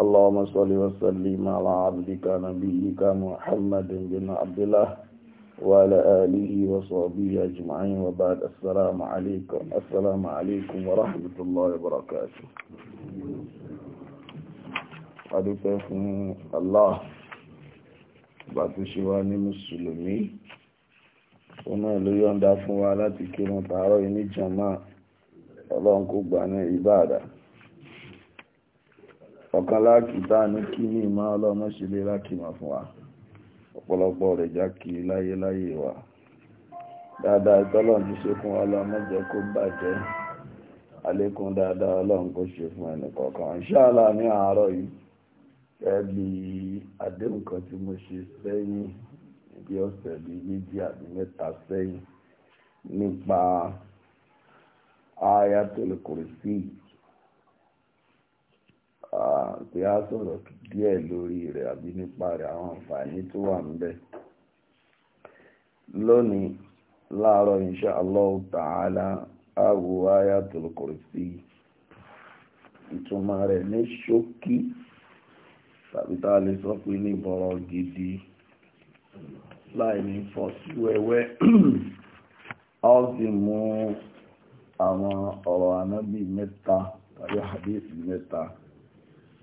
اللهم صل وسلم على عبدك نبيك محمد بن عبد الله وعلى آله وصحبه أجمعين وبعد السلام عليكم السلام عليكم ورحمة الله وبركاته adúpẹ́ fún Allah bá tó ṣe wá ní mùsùlùmí òun náà ló yọ̀ǹda fún wa láti kírun ọ̀kan láàkìtà ní kí ní ìmá ọlọ́mọ ṣe lé lákìmọ̀ fún wa ọ̀pọ̀lọpọ̀ rẹ̀ já kí láyé láyé wa dáadáa ìtọ́lọ̀ ti ṣe fún ọlọ́mọ jẹ́ kó bàjẹ́ àlékún dáadáa ọlọ́run kó ṣe fún ẹnì kọ̀ọ̀kan ṣáàlà ní àárọ̀ yìí ẹbí àdéhùn kan tí mo ṣe sẹ́yìn bí ọ̀sẹ̀ bíi méjì àbí mẹ́ta sẹ́yìn nípa ayatul kursi pé a sọ̀rọ̀ díẹ̀ lórí rẹ̀ àbí nípa rẹ̀ àwọn àǹfààní tó wà níbẹ̀ lónìí láàárọ̀ insha Allah ta'ala àwò ayatul kursi ìtumọ̀ rẹ̀ ní ṣókí tàbí tá a lè sọ pé ní bọ̀rọ̀ gidi láì ní fọ́ sí wẹ́wẹ́ a ó sì mú àwọn ọ̀rọ̀ ànábì mẹ́ta tàbí hadith mẹ́ta.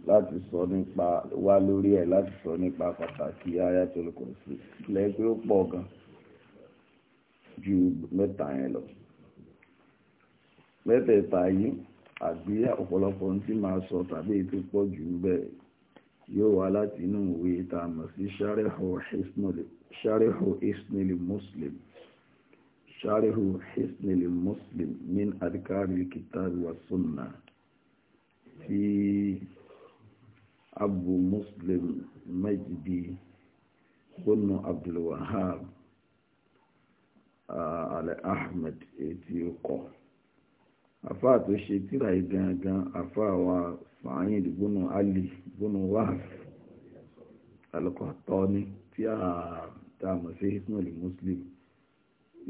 láti sọ nípa wá lórí ẹ̀ láti sọ nípa pàtàkì ayatul kursi lẹ́yìn pé ó pọ̀ gan ju mẹ́ta yẹn lọ mẹ́tẹ̀ẹ̀ta yìí àbí ọ̀pọ̀lọpọ̀ ohun tí máa sọ tàbí ètò pọ̀ jù ń bẹ̀ yóò wá láti inú ìwé tá a sí sharihu isnili muslim sharihu isnili muslim min adhkaril kitabi wa sunna tí. Si, abu muslim majdi bonu abdulwahab uh, alẹ́ ahmed etí ọkọ̀ afa tó ṣe tíra yìí gangan afa wa sa'id bonu ali bonu wahab alukọ̀tọ́ni tí a tá a mọ̀ sí ismail muslim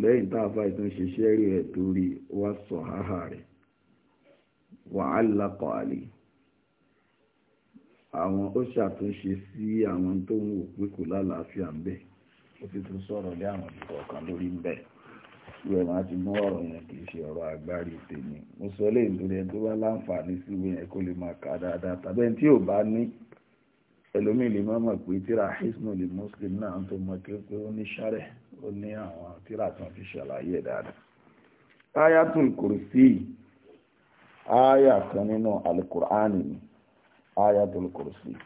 lẹ́yìn tá a fa ìtún ṣiṣẹ́ rẹ̀ torí wá sọ háhà rẹ̀ wàhálà kọ́ àwọn ó ṣàtúnṣe sí àwọn tó ń wò pé kò lálàáfíà ń bẹ ó sì tún sọ̀rọ̀ lé àwọn ìkọ̀ọ̀kan lórí ń bẹ ìwé máa ti mú ọ̀rọ̀ yẹn kì í ṣe ọ̀rọ̀ agbárí tèmi mo sọ lè nítorí ẹni tó bá láǹfààní sí ìwé yẹn kó lè máa kà dáadáa tàbí ẹni tí ò bá ní ẹlòmíì lè má mọ̀ pé tíra hisnul muslim náà tó mọ kí pé ó ní sáré ó ní àwọn tíra tó fi ṣàlàyé dáadáa. ayatul kursi aya kan nínú alukur'ani ni. ayatul kursi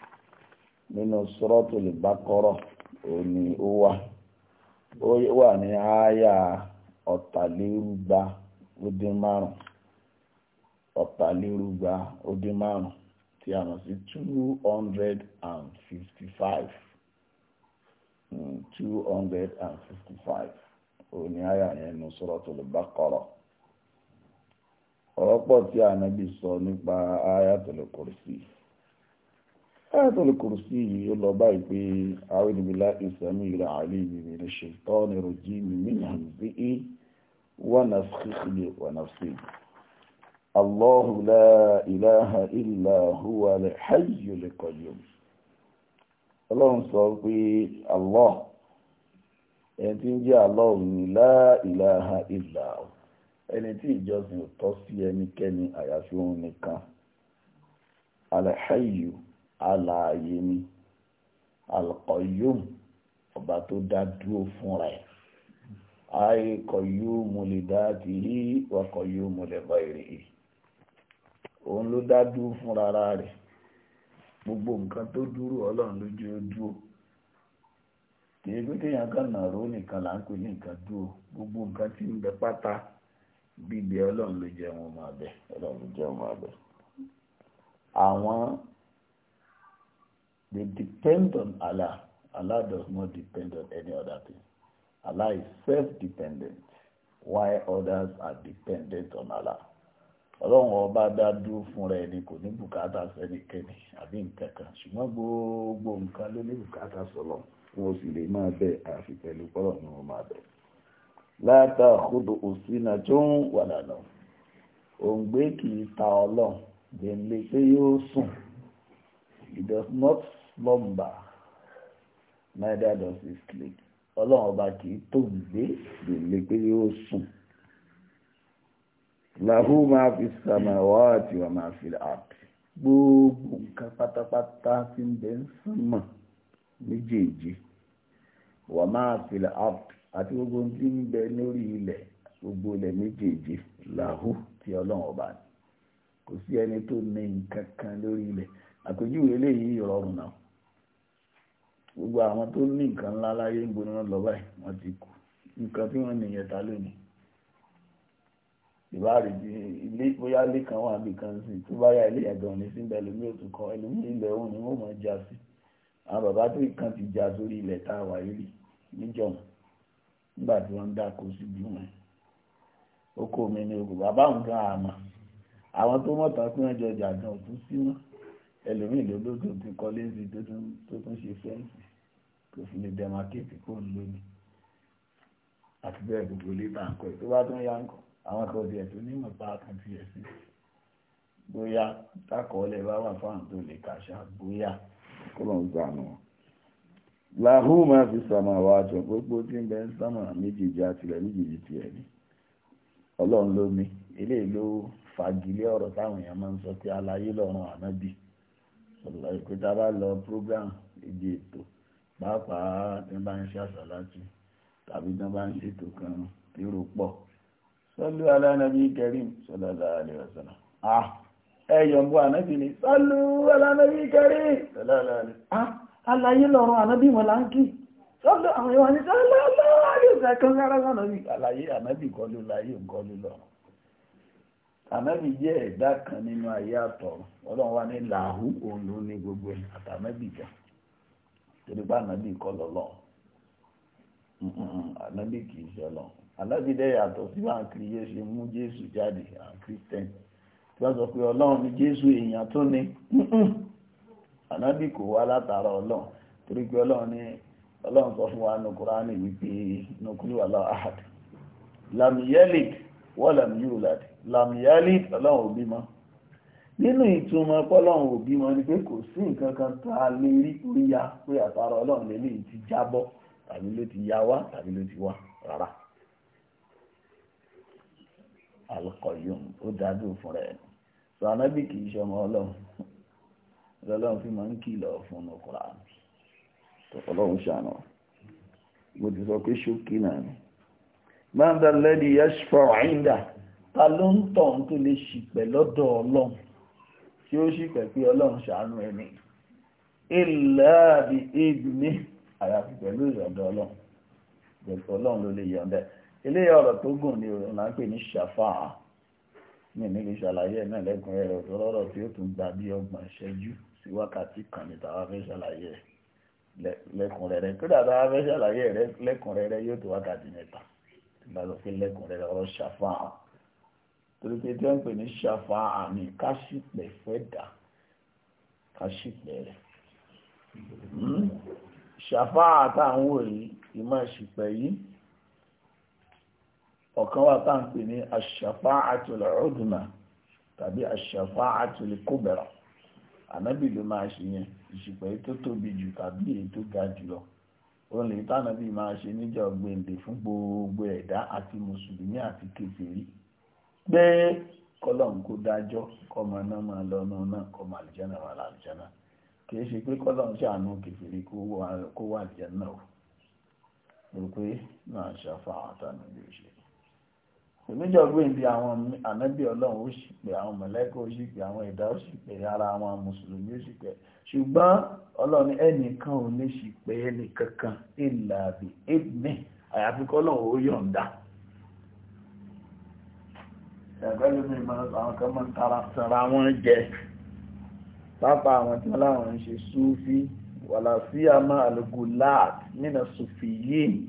nínú suratul Baqara òní ó wà ó wà ní àyà ọ̀tàlérúgba ó dín márùn ọ̀tàlérúgba ó dín márùn tí a mọ̀ sí two hundred and fifty five hmm, two hundred and fifty five òní àyà yẹn nínú suratul Baqara ọ̀rọ̀ pọ̀ tí ànábì sọ nípa ayatul kursi. ayatul kursi yìí ó lọ báyìí pé a'udhu billahi as-sami'il 'alim minash shaitanir rajim min hamzihi wa nafthihi wa nafthihi Allahu la ilaha illa huwa al-hayyul qayyum ọlọ́run sọ pé Allah ẹni tí ń jẹ́ ìjọsìn ò tọ́ sí ẹnikẹ́ni àyàfi nìkan al ala ni alqayyum ọba tó dá dúró fúnra ẹ̀ ayé lè li dhatihi wa qayyumu li ghayrihi òun ló dá dúró fúnra rẹ̀ gbogbo nǹkan tó dúró ọlọ́run lójú ó dúró kìí pé kéèyàn nìkan là ní nǹkan dúró gbogbo nǹkan tí ń bẹ pátá bíbẹ ọlọ́run ló They depend on Allah. Allah does not depend on any other thing. Allah is self-dependent Why others are dependent on Allah. Ọlọ́run ọba dá dúró fúnra ni kò ní bùkátà sẹ́nikẹ́ni àbí nǹkan kan ṣùgbọ́n gbogbo nǹkan ló ní bùkátà sọ̀lọ̀ wọn ò sì lè máa bẹ̀ àfi pẹ̀lú pọ́lọ̀ ni wọ́n máa bẹ̀. Láta àkóso òsínà tó ń wà lànà òǹgbé kì í ta ọlọ́run gbẹ̀ǹlé pé yóò sùn. He does not slumber neither does he sleep ọlọ́run ọba kì í tó gbé gbèlè pé yóò sùn lahu máa fi sàmàwá àti wà máa fi àpì gbogbo nǹkan pátápátá tí ń bẹ ń sánmà méjèèjì wà máa fi àpì àti gbogbo tí ń bẹ lórí ilẹ̀ gbogbo ilẹ̀ méjèèjì lahu ti ọlọ́run ọba ni kò sí ẹni tó ní nǹkan kan lórí ilẹ̀ àpèjúwe eléyìí rọrùn náà gbogbo àwọn tó ní nǹkan ńlá láyé ń gbóná lọ báyìí wọ́n ti kú nǹkan tí wọ́n nìyẹn ta lónìí ìbáàrí di ilé bóyá ilé kan wà bí kan sí tó bá yá ilé ẹ̀gbọ́n ní síbẹ̀ lómi òtún kan ẹlòmí ilẹ̀ òun ni wọ́n mọ̀ já sí àwọn bàbá tó kan ti já sórí ilẹ̀ tá a wà yìí níjọ̀mọ́ nígbà tí wọ́n ń dáko síbi wọn oko mi ni ogun bàbá òun gan àmà àwọn tó mọ̀tàn pé wọ́n jọ jà gan òtún sí wọn ẹlòmíì lódó tó ti kọ́lé sí tó tún ṣe fẹ́ǹsì kò fi lè dẹmarkéètì kó ń lónìí àti bẹ́ẹ̀ gbogbo ilé bá ń kọ́ tó bá tún yá ń kọ́ àwọn kan tiẹ̀ tó nímọ̀ pa kan tiẹ̀ sí bóyá tákọọ́lẹ̀ bá wà fáwọn tó lè kàṣà bóyá kó lọ́n gbà nù wọn láhùn máa fi sàmà wà àjọ gbogbo tí ń bẹ ń sàmà méjèèjì àtìlẹ̀ méjèèjì tiẹ̀ ni ọlọ́run ló ní eléyìí ló fagilé ọ̀rọ̀ táwọn èèyàn máa ń sọ pé aláyé lọ́rùn ànábì ìpètà bá lọ program ìdí ètò pàápàá tí wọ́n bá ń ṣe àṣàláàtì tàbí tí bá ń ṣètò kan èrò pọ̀ sọ́lú alánàbí kẹrim sọ́lọ́lá àlẹ́wọ̀sọ́lá ah ẹ̀yọ̀mbọ ànábì ni sọ́lú alánàbí kẹrim sọ́lọ́lá àlẹ́ ah alayé lọ́rùn ànábì wọn là ń kí sọ́lú àwọn ìwà ní sọ́lọ́lá àlẹ́wọ̀sọ́lá kan lára sọ́nà ànábì jẹ́ ẹ̀dá kan nínú ayé àtọ̀ ọlọ́run wa ní làáhù òun ní gbogbo ẹ̀ jẹ́ torí ànábì kọ́ lọ́lọ́ ànábì kì í ṣe ọlọ́run ànábì dẹ́ yàtọ̀ sí bá kiri ṣe mú jésù jáde àwọn kírísítẹ́nì tí wọ́n sọ pé jésù èèyàn tó ní ànábì kò wá látara ọlọ́run torí pé ọlọ́run ní ọlọ́run sọ fún wa ní kúránì wípé nukúlù wà láwọn làmìyálì ọlọ́run ò bímọ nínú ìtumọ̀ pọ́lọ́run ò bímọ ni pé kò sí nǹkan kan tá a lè rí tó ya pé àtàrà ọlọ́run lélẹ̀ ti jábọ́ tàbí ló ti ya wá tàbí ló ti wá rárá alukọ̀yùn ó dájú fún rẹ̀ sọ anábì kì í ṣọmọ ọlọ́run ọlọ́run fi máa ń kìlọ̀ fún un Kùránì ọlọ́run ṣàánà mo ti sọ pé ṣókí náà ni máa ń dá lẹ́dí yẹ́ṣfọ́ àyíndà ta ló ń tọ̀ ń tó lè ṣìpẹ̀ lọ́dọ̀ ọlọ́run tí ó ṣìpẹ̀ pé ọlọ́run ṣàánú ẹni ìlàbí ìdùnní àyàfi pẹ̀lú ìyọ̀ǹda ọlọ́run pẹ̀lú ọlọ́run ló lè yọ̀ǹda eléyà ọ̀rọ̀ tó gùn ni òun là ń pè ní ṣàfáà mi ní kí ṣàlàyé náà lẹ́kùnrẹ́rẹ́ ọ̀rọ̀ lọ́rọ̀ tí ó tún gba bí ọgbọ̀n ìṣẹ́jú sí wákàtí kan ní tàwa fẹ́ ṣàlàyé lẹ́kùnrẹ́rẹ́ kódà tàwa fẹ́ ṣàlàyé rẹ̀ lẹ́kùnrẹ́rẹ́ yóò tó wákàtí mẹ́ta tí bá sọ pé lẹ́kùnrẹ́rẹ́ ọ̀rọ̀ ṣàfáà torí pé tí wọ́n ń pè ní ṣàfà àmì káṣípẹ̀ fẹ́ dà káṣípẹ̀ rẹ̀ hmm? ṣàfà àtàwọn òyìn ìmọ̀ ìṣìpẹ̀ yìí ọ̀kan wà tá à ń pè ní àṣàfà àtúlẹ̀ ọ̀dùnà tàbí àṣàfà àtúlẹ̀ kóbẹ̀rà ànábì ló máa ṣe yẹn ìṣìpẹ̀ tó tóbi jù tàbí èyí tó ga jùlọ òun lè tànàbì máa ṣe níjọ́ gbèǹdè fún gbogbo ẹ̀dá àti mùsùlùmí àti kèfèrí pé kọ́lọ́n kó dájọ́ kọ́mọ náà máa lọ náà náà kọ́mọ àlìjẹ́nà wà kì í ṣe pé kọ́lọ́n ṣàánú kìfìrí kó wà àlìjẹ́nà o rò pé náà ṣàfà àtànà bí ó ṣe gbèǹdì àwọn ànábì ọlọ́run ó sì pé àwọn mọ̀lẹ́kọ̀ ó sì pé àwọn ẹ̀dá ó sì pé ara àwọn mùsùlùmí ó sì pé ṣùgbọ́n ọlọ́run ẹnìkan ò ní sì pé ẹnìkankan ẹ̀pẹ́lú mi máa àwọn kan máa ń tara sanra wọn jẹ pápá àwọn tí wọ́n láwọn ń ṣe súfí wàlá sí àmà àlùgùláàt nínú súfí yìí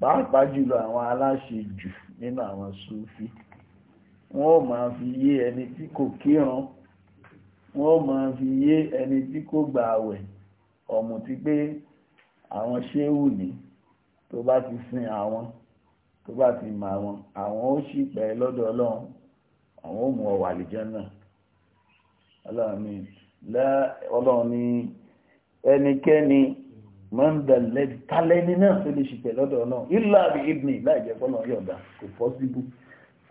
pàápàá jùlọ àwọn aláṣejù nínú àwọn súfí wọ́n ò máa fi yé ẹni tí kò kírun wọ́n ò máa fi yé ẹni tí kò gbààwẹ̀ ọ̀mùtí pé àwọn ṣéwù ní tó bá ti sin àwọn tó bá ti mọ àwọn àwọn ó sì pẹ́ lọ́dọ̀ ọlọ́run àwọn ó mú ọ wà lìjẹ́ náà ọlọ́run ní ọlọ́run ní ẹnikẹ́ni mọ́ndàlẹ́ tálẹ́ni náà tó lè ṣìpẹ̀ lọ́dọ̀ ọlọ́run ilá àbí ibni láìjẹ́ fọ́nà yọ̀ǹda kò pọ́síbù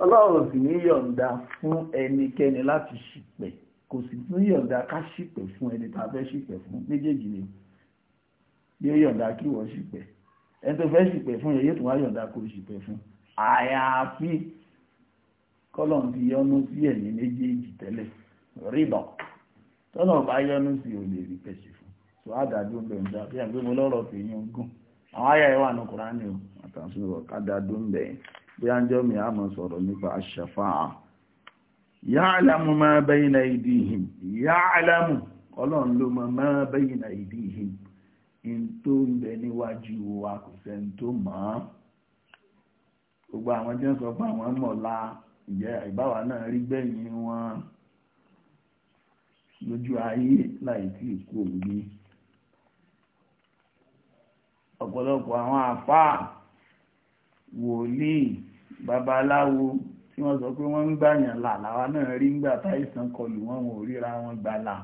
ọlọ́run sì ní yọ̀ǹda fún ẹnikẹ́ni láti ṣìpẹ̀ kò sì tún yọ̀ǹda ká ṣìpẹ̀ fún ẹni tá a fẹ́ ṣìpẹ̀ fún méjèèjì ni yóò yọ̀ǹda kí wọ́n ṣìpẹ̀ ẹni tó fẹ́ ṣìpẹ̀ fún yẹ yóò tún wá yọ̀ǹda kó ṣìpẹ̀ fún àyàfi kọ́lọ̀ ti yọnu sí ẹ̀yìn méjèèjì tẹ́lẹ̀ rìbọ̀ tọ́lọ̀ bá yọnu sí ò lè rí pẹ̀ṣẹ̀ fún tó àdádó ń bẹ̀ dá bí i àgbébọ̀ lọ́rọ̀ fi yún gùn àwọn ayé wà ní Kùránì o àtàṣe rọ̀ kádádó ń bẹ̀ bí a ń mi àmọ́ sọ̀rọ̀ nípa aṣàfáà ya'lamu ma bayna aydihim ya'lamu ọlọ́run ló in tó ń bẹ níwájú wa kò sẹ́ni tó mọ̀ ọ́ gbogbo àwọn tí wọ́n sọ pé àwọn mọ̀lá ìjẹ́ ìbáwa náà rí gbẹ̀yìn wọn lójú ayé láì tí ìkú òní ọ̀pọ̀lọpọ̀ àwọn àfáà wòlíì babaláwo tí wọ́n sọ pé wọ́n ń gbàyàn là làwa náà rí ń gbà táìsàn kọlù wọn ò ríra wọn gbà là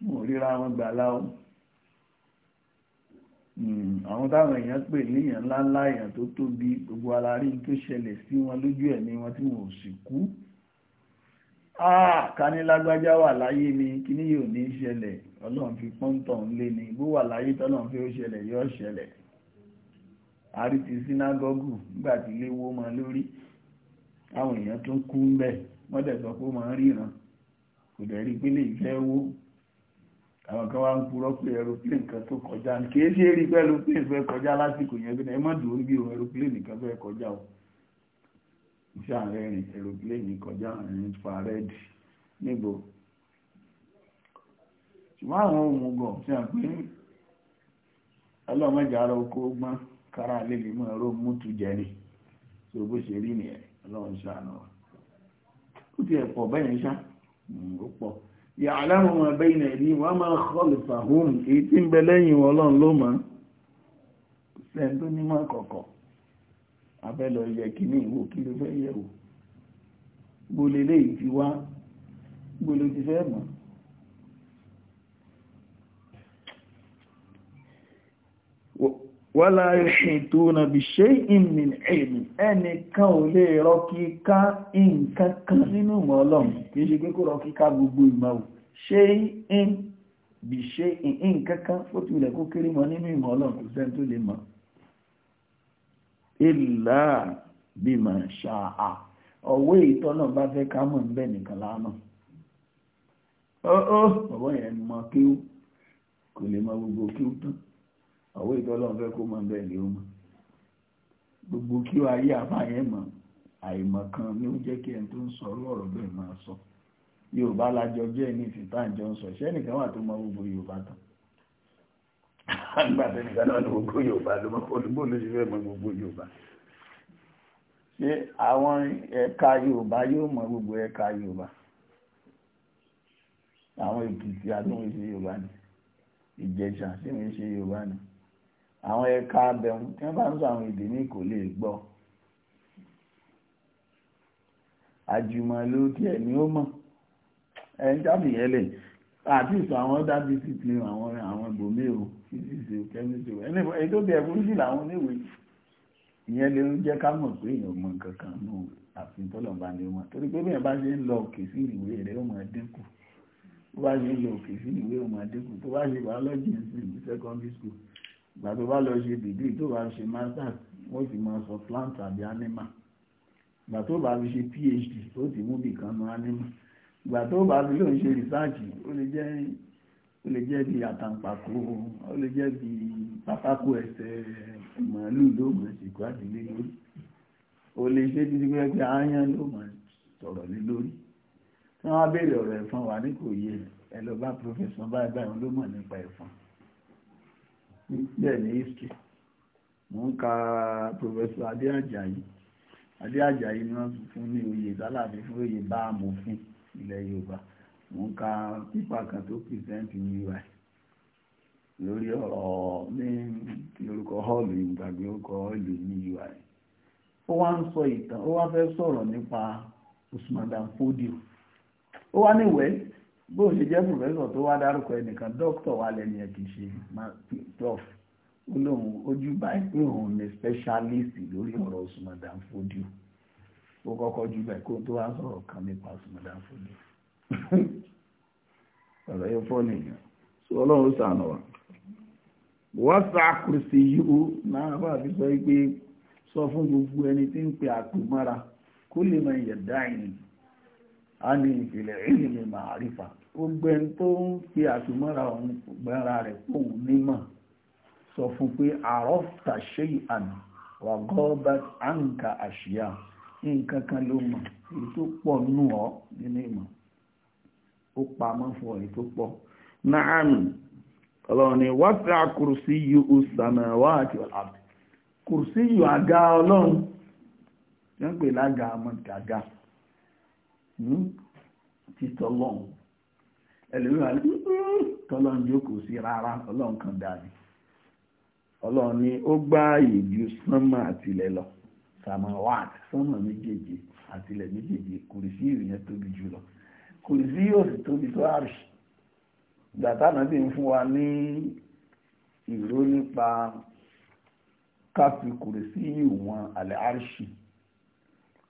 mo ríra wọn gbà láwọn hmm, àwọn táwọn èèyàn pè léèyàn ńláńlá èèyàn tó tóbi gbogbo alárí tó ṣẹlẹ̀ sí wọn lójú ẹ̀mí wọn tí wọn ò sì kú ah, kánilágbájá wà láyé ni kí ní yóò ní ṣẹlẹ̀ ọlọ́run fi pọ́ńtọ̀ ń lé ni bó wà láyé tọ́lọ́run fi ó ṣẹlẹ̀ yóò ṣẹlẹ̀ àrí ti sínágọ́gù nígbà tí ilé wó mọ lórí àwọn èèyàn tó kú ń bẹ̀ wọ́n sọ pé ó máa ríran kò dẹ̀ rí pé lè fẹ́ wó àwọn kan wá ń purọ́ pé aeroplane kan tó kọjá ní kìí ṣe rí pé aeroplane fẹ́ kọjá lásìkò yẹn bíi ẹ má dùn bí òun aeroplane nìkan fẹ́ kọjá o iṣẹ́ àárẹ̀rìn aeroplane kọjá àárín infrared níbo ṣùgbọ́n àwọn òmùgọ̀ ṣe hàn pé ọlọ́mọdé ara oko gbọ́n kára lè lè mọ ẹ̀rọ mútu jẹni tó bó ṣe rí nìyẹn ọlọ́run ṣàánú ó ti ẹ̀ pọ̀ bẹ́yẹn ṣá hmm, ó pọ̀ yàlámù ma bẹ́yìnà ìdí wọ́n máa kọlùfà hùn èyí tí ń bẹ lẹ́yìn ọlọ́run ló mọ̀ sẹ́n tó nímọ̀ kọ̀kọ̀ abẹ́lọ yẹ kí ní ìwò kí ló fẹ́ yẹ̀wò gbólélé ìtiwá gbólé ti fẹ́ mọ̀ wọ́lá ṣètò nàbì ṣe ìmìn ẹ̀mì ẹnìkan ò lè rọ kíká nǹkan kan nínú ìmọ̀ ọlọ́run kìí ṣe pé kó rọ kíká gbogbo ìmọ̀ ò ṣe ìn bí ṣe nǹkan kan ó ti ilẹ̀ kó kéré mọ́ nínú ìmọ̀ ọlọ́run kò sẹ́ni lè mọ̀ ọ̀wọ́ ìtọ́lọ́n fẹ́ kó mọ bẹ́ẹ̀ ni ó mọ̀ gbogbo kí wàá yí àfààyàn mọ̀ àìmọ̀ kan ni ó jẹ́ kí ẹni tó ń sọ lọ́rọ̀ bẹ́ẹ̀ máa sọ yorùbá lájọ jẹ́ ní ìfìtàǹjọ ń sọ ṣẹ́nìkan wà tó mọ gbogbo yorùbá tán àgbà tẹnìkan náà ní gbogbo yorùbá ló mọ olùgbò ló ṣe fẹ́ mọ gbogbo yorùbá ṣé àwọn ẹ̀ka yorùbá yóò mọ gbogbo ẹ̀ka yorùbá àwọn èkìtì àti wọn ṣe yorùbá ni ìjẹ̀ṣà sí wọn ṣe yorùbá ni àwọn ẹ̀ka abẹ̀hún tí wọ́n bá ń sọ àwọn èdè ní kò lè gbọ́ àjùmọ̀ ló tí ẹ̀ ní ó mọ̀ ẹ̀ ń jábì yẹn lè àti ìsọ àwọn dábì sí ti àwọn àwọn ìbòmí o físíìsì o o ẹni èyí tó bẹ̀rẹ̀ fún sí làwọn oníwèé ìyẹn lè ń ká mọ̀ pé èèyàn mọ̀ kankan nù àfihàn ni ó mọ̀ torí pé bẹ́ẹ̀ bá ṣe ń lọ òkè sí ìwé rẹ̀ ó máa dínkù tó bá ṣe ń lọ òkè sí ìwé ó máa dínkù tó bá ṣe biology sí ìlú secondary school ìgbà tó bá lọ ṣe dìgírì tó bá ṣe masters wọ́n ti máa sọ plant àbí animal ìgbà tó bá fi ṣe phd ó ti mú bí kan nu animal ìgbà tó bá fi lóun ṣe research ó lè jẹ́ ó lè jẹ́ bí àtàǹpàkò ó lè jẹ́ bí pátákó ẹsẹ̀ màálù ló mọ̀ ṣèkú àdílé lórí ó lè ṣe títí pé pé aáyán ló mọ̀ sọ̀rọ̀ lé lórí tí wọ́n á béèrè ọ̀rọ̀ ẹ̀fọn wà ní kò yẹ ẹ lọ bá pírọfẹ̀sọ̀ báyìí báyìí ló mọ̀ nípa ẹ̀fọn bẹ́ẹ̀ ní history mo ka professor adé ajayi adé ajayi ni wọ́n fún ní oyè sálàbí fún oyè bá amòfin ilẹ̀ yorùbá mo ka pípa kan tó present ní ui lórí ọ̀rọ̀ ní orúkọ hall orúkọ hall ní ui ó wá ń sọ ìtàn ó wá fẹ́ sọ̀rọ̀ nípa usman dan ó wá níwẹ̀ẹ́ bó ṣe jẹ́ pòfẹ́sọ̀ tó wá dárúkọ ẹnìkan dókítà wà lẹ́ni ẹ̀ kì í ṣe prof ó lóun ojú báyìí pé òun ni specialist lórí ọ̀rọ̀ Usman Dan ó kọ́kọ́ jù báyìí kó tó wá sọ̀rọ̀ kan nípa Usman Dan ọ̀rọ̀ yóò fọ́ nìyẹn sọ ọlọ́run sànù wa wọ́n sá kùrìsì yìí náà bá fi sọ pé gbogbo ẹni tí ń àpò kó lè máa àní ìbìlẹ̀ ìlìmì màárífà gbogbo ẹni tó ń fi àtìmọ́ra òun gbẹ́ra rẹ̀ fóun nímọ̀ sọ fún pé àrọ́fta ṣe àná wà gọ́ọ́bà àǹkà àṣìyà nǹkan kan ló mọ̀ èyí tó pọ̀ nù ọ́ nínú ìmọ̀ ó fún tó pọ̀ ni wọ́n fẹ́ kùrùsí yìí ti hmm? tọ́lọ́n ẹlòmíràn ní hmm, tọ́lọ́n jókòó sí rárá ọlọ́run kan dàbí ọlọ́run ni ó gbá ààyè ju sánmà àtìlẹ̀ lọ samawat sánmà méjèèjì àtìlẹ̀ méjèèjì kùrìsí ìrìyẹn tóbi jù lọ kùrìsí yóò sì tóbi tó àrùsì gbàtánà sì ń fún wa ní ìró nípa káfí kùrìsí ìwọ̀n àlẹ́ àrùsì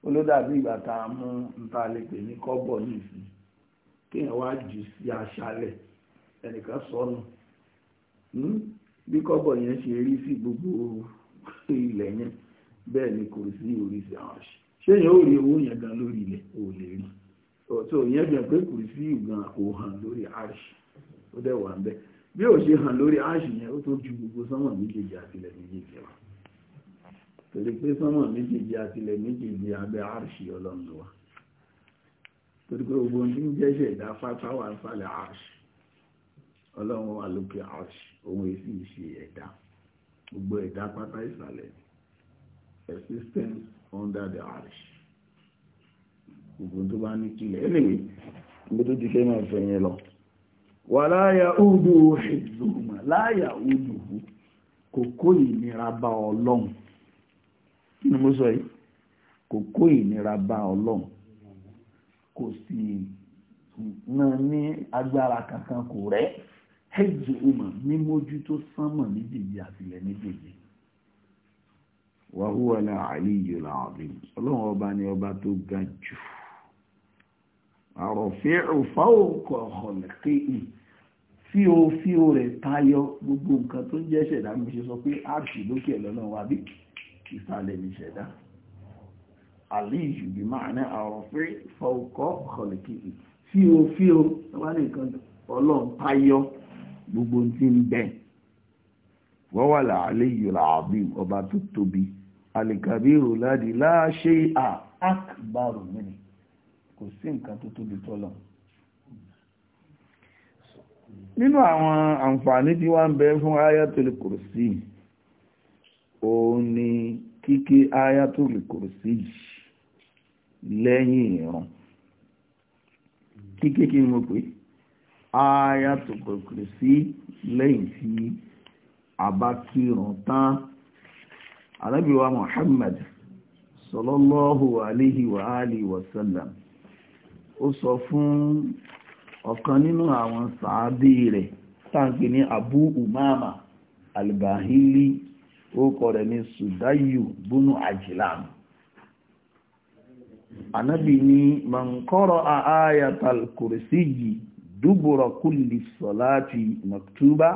olódàbí ìgbà tá a mú nta lè pè ní kọ́bọ̀ nìsín kéèyàn wá jù sí aṣálẹ̀ ẹnìkan sọnù hmm? bí kọ́bọ̀ yẹn ṣe rí sí gbogbo ilẹ̀ yẹn bẹ́ẹ̀ ni kò sí oríṣi àwọn ṣe ṣé yẹn ó rí owó yẹn gan lórí ilẹ̀ ò lè rí ọ̀tọ̀ yẹn jẹ́ pé kò sí kò hàn lórí àṣì ó dẹ̀ wà ń bẹ̀ bí ò ṣe hàn lórí àṣì yẹn ó tó ju gbogbo sánmọ̀ méjèèjì méjèèjì torí pé sánmọ̀ méjèèjì àtilẹ̀ méjèèjì abẹ́ àrṣì ọlọ́run wa torí pé gbogbo ohun tí ń jẹ́ṣẹ̀ ìdá pátá wà nísàlẹ̀ àrṣì ọlọ́run wà lókè àrṣì ohun èsì ìṣe ẹ̀dá gbogbo ẹ̀dá pátá ìsàlẹ̀ existence under the àrṣì gbogbo tó bá ní kílẹ̀ ẹ̀lẹ́wẹ̀ gbogbo tó ti fẹ́ máa fẹ́ yẹn lọ wà láyà údù ṣèlú láyà údù kò kó ìnira bá ọlọ́run kí ni mo sọ yìí kò kó ìnira bá ọlọ́run kò sì náà ní agbára kankan kò rẹ̀ hẹ́jì umar mímójú tó sánmọ̀ nídìí àtìlẹ̀ nídìí wàhúwà náà àlíyù làbí ọlọ́run ọba ni ọba tó ga jù àròfẹ́ òfáòkọ̀ ọ̀họ̀lẹ́kẹ́ tí o fí o rẹ̀ tayọ gbogbo nǹkan tó ń jẹ́ ṣẹ̀dá mi ṣe sọ pé áàkì lókè lọ́nà wa bí kì ìsàlẹ̀ ní ṣẹ̀dá àlíyù bí máa ní àwọn pé fọ́ọ̀kọ́ kọ̀lẹ̀kìtì fíò fíò wá nìkan ọlọ́run páyọ gbogbo tí ń bẹ wọ́n wà láàlíyù làábí ọba tó tóbi alìkàbírò ládi láṣẹ àkbàrò mìíràn kò sí nǹkan tó tóbi tọ́lọ̀ nínú àwọn àǹfààní tí wọ́n ń bẹ fún ayatul kursi òun ni kíké ayatul kùrùsí lẹ́yìn ìrun kíké kí mo pè ayatul kùrùsí lẹ́yìn tí a bá kírun tán Ànábì wa Muhammad sallallahu alayhi wa ó sọ fún ọ̀kan nínú àwọn sàábí rẹ̀ tàbí ní Abu Umama alibahili. orúkọ rẹ̀ ní sudayu bunu ajilam anabi ni mankọrọ ayatal kùrìsì yìí dúbùrọ̀ kúlì sọ̀láti maktuba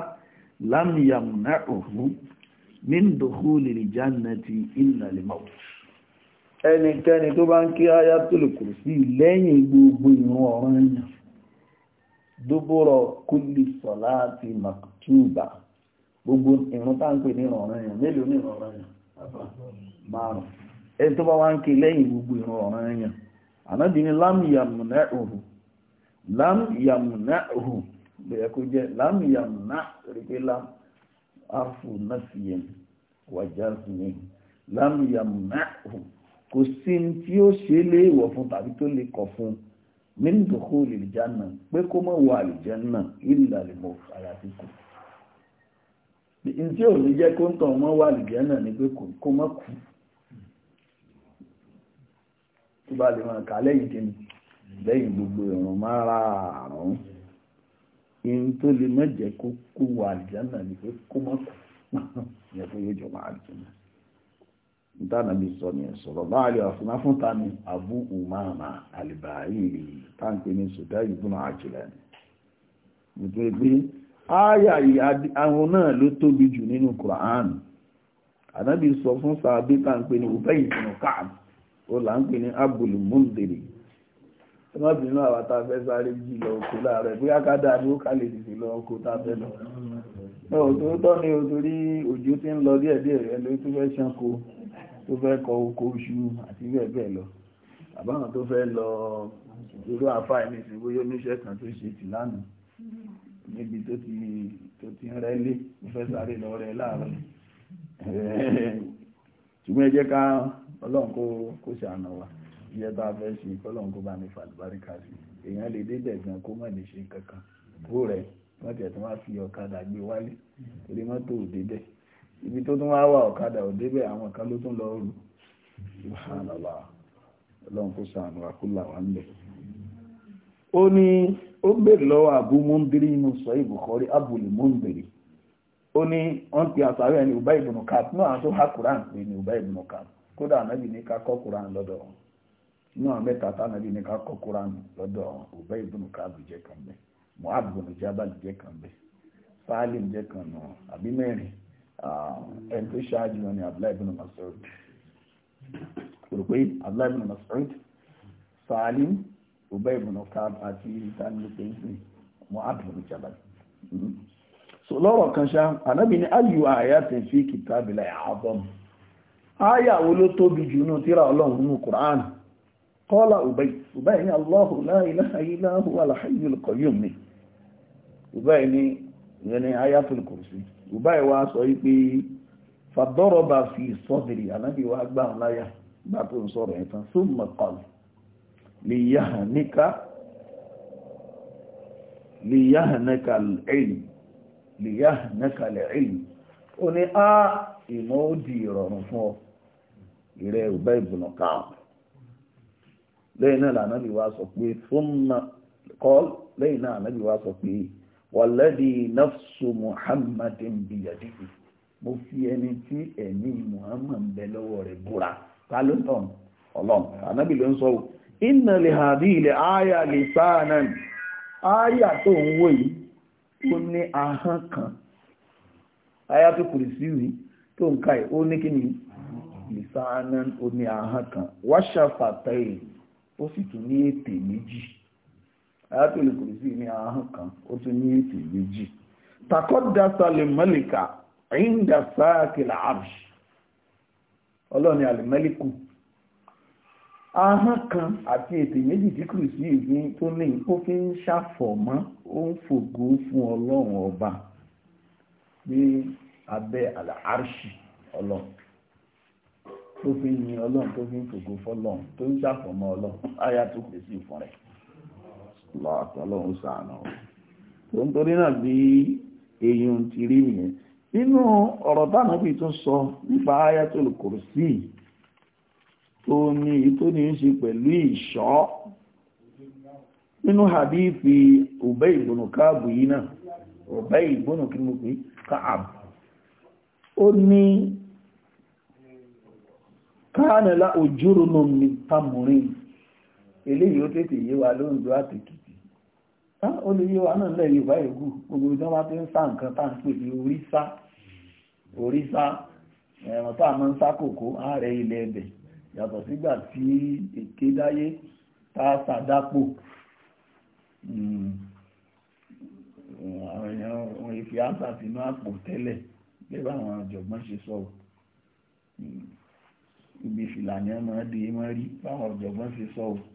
lam yamna'uhu min dukhuli aljannati illa limaut ẹnikẹ́ni tó bá ń kí ayatul kùrìsì lẹ́yìn gbogbo ìrun ọ̀ranyàn dúbùrọ̀ kúlì sọ̀láti maktuba gbogbo ìrun tá ń pè ní ọ̀ràn èèyàn mélòó ní ọ̀ràn èèyàn márùn ẹni tó bá wá ń ké lẹ́yìn gbogbo ìrun ọ̀ràn èèyàn ànábì ní lámìyàmùnà òhù lámìyàmùnà òhù bẹ̀rẹ̀ kó jẹ́ lámìyàmùnà rí pé lám áfù náfìyẹn wàjá ní lámìyàmùnà òhù kò sí ní tí ó ṣe léèwọ̀ fún tàbí tó lè janna illa lil mọ̀ n tí ò ní jẹ́ kó ń tàn wọ́n wà lìgẹ́ náà ni pé kó mọ́ kú tó bá lè máa kà lẹ́yìn tí ni lẹ́yìn gbogbo ìrùn mára àrùn in tó lè mọ́ jẹ́ kó kú wà lìgẹ́ náà ni pé kó mọ́ kú yẹ fún yóò jọ máa jù náà ìtànà bí sọ ni sọ̀rọ̀ bá àlè ọ̀fúnná fún ta ni Abu Umama alìbàáyì táǹpé ní sùdá ìgbóná àjùlẹ̀ ni nítorí pé ááyà ahun náà ló tóbi jù nínú kùránù ànábì sọ fún sàábí ń pè ní Ubay ibn Ka'b ó là ń pè ní Abul Mundhir ọmọbìnrin náà fẹ́ sáré jí lọ oko láàárọ̀ bóyá ká ní ó ká lè lọ oko tá lọ ni o torí òjò ti ń lọ díẹ̀ díẹ̀ rẹ̀ tó kọ oko oṣù àti bẹ́ẹ̀ bẹ́ẹ̀ lọ tó fẹ́ lọ àfáà kan tó ṣe níbi tó ti tó ti rẹ́lé mo fẹ́ sáré lọ rẹ láàárọ̀ ṣùgbọ́n ẹ jẹ́ ká ọlọ́run kó kó ṣàánà wa iṣẹ́ tá a fẹ́ ṣe kọ́lọ́run kó bá ní fàlùbáríkà sí èèyàn lè débẹ̀ gan kó ibi tó tún wá wà ọ̀kadà ò débẹ̀ àwọn kan ló tún lọ rù ó ní ó bèèrè lọ́wọ́ àbú múndírí inú sọ ìbùkọ́rí abúlé múndírí ó ní wọ́n pe àsàrí ẹni ọba ìbùnú kap náà tó há kuran pé ní ọba ìbùnú kap kódà ànábì ní ká kọ́ kuran lọ́dọ̀ wọn inú àwọn mẹ́ta tá ànábì ní ká kọ́ kuran lọ́dọ̀ ọba ìbùnú Ubay ibn Ka'b àti ìtànlẹ́pẹ̀ ìsìn Mu'adh ibn Jabal. so lọ́rọ̀ kan ṣá ànábì ní ayyu ayatin fi kitabillahi a'zam áyà wo ló tóbi jù nù tíra ọlọ́run nù Qur'an qala Ubay Ubay ní Allahu la ilaha illa huwa al-hayyul qayyum ni Ubay ní ìyẹn ní ayatul kursi Ubay wa sọ wípé fàdọ́rọ̀bà fi sadri ànábì wa gbà ńláyà gbà tó ń sọ̀rọ̀ ẹ̀ tán summa qala ليهنك ليهنك العلم ليهنك العلم ó ní á ìmọ̀ ó di ìrọ̀rùn fún ọ ìrẹ́ ìbá ìbùnà káàmù lẹ́yìn náà lànàbí wa sọ pé thumma qal lẹ́yìn náà lànàbí wa sọ pé walladhi nafsu muhammadin biyadihi mo fi ẹni tí ẹ̀mí muhammad bẹ lọ́wọ́ rẹ̀ búra ta ló ń ló ń sọ iná lè hàdí ilẹ̀ ayà lè sáà náà ayà tó ń wò yìí ó ní ahán kan ayà tó kùrì sí rí tó ń káì ó ní kí ni lè sáà náà ó ní ahán kan wáṣà fàtàì ó sì tún ní ètè méjì ayà tó lè kùrì sí ní ahán kan ó tún ní ètè méjì takọ́dásá lè mọ́lìkà ìndàsáàkìlà àbṣì ọlọ́ni àlè ahọ́n kan àti ètè méjì tí kìrìsì ìfín tó ní ó fi ń ṣàfọ̀mọ́ ó ń fògo fún ọlọ́run ọba ní abẹ́ àlàárṣì ọlọ́run tó fi ń yin ọlọ́run tó fi ń fògo fọlọ́run tó ń ṣàfọ̀mọ́ ọlọ́run áyá tó kìrìsì fún rẹ̀ lọ́ọ̀tọ́lọ́run sàánà tó ń torí náà bí èèyàn ti rí nìyẹn nínú ọ̀rọ̀ táwọn fi tún sọ nípa áyá tó lù kùrìsì yìí o tó ní í ṣe pẹ̀lú ìṣọ́ nínú hadithi Ubay ibn obe yìí náà Ubay ibn kí mo pè Ka'b ó ní ojuru ojúrúnú mi tamurin eléyìí ó tètè yé wa lóòndó àtìkìtì ó lè yé wa náà lẹ́ Yorùbá wá tí ń sá orisa na yàtọ̀ sígbà tí èké dáyé tá a sàdápò hmm. àwọn èèyàn wọn ìfi àṣà sínú àpò tẹ́lẹ̀ lẹ́bàá àwọn ọ̀jọ̀gbọ́n ṣe sọ̀rọ̀ hmm. ibi fìlànà ẹmọ dé mọ́ rí báwọn ọ̀jọ̀gbọ́n ṣe sọ̀rọ̀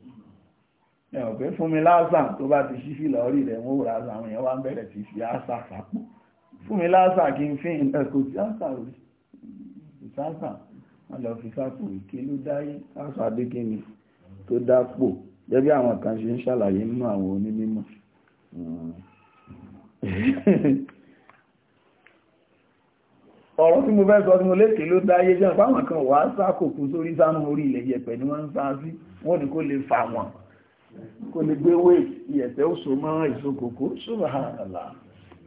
ẹ ò pé fún mi láàṣà tó bá ti ṣí fìlà orí rẹ̀ wọ́n rà àṣà àwọn èèyàn wá ń bẹ̀rẹ̀ sí fi àṣà sàpò fún mi láàṣà kí n fi ẹ̀kọ́ sí àṣà wọ́n lọ fi sápò ìké ló dáyé káṣọ adékèmí tó dápò jẹ́bí àwọn kan ṣe ń ṣàlàyé nínú àwọn onímọ̀ ọ̀rọ̀ tí mo fẹ́ sọ tí mo lékè ló dáyé jẹ́ fáwọn kan wà sákòókù sórí sánú orí ilẹ̀ yẹ̀pẹ̀ ni wọ́n ń sá sí wọ́n ní kó lè fà wọ́n kó lè gbé wé ìyẹ̀pẹ̀ ó so mọ́ èso kòkó ṣùgbọ́n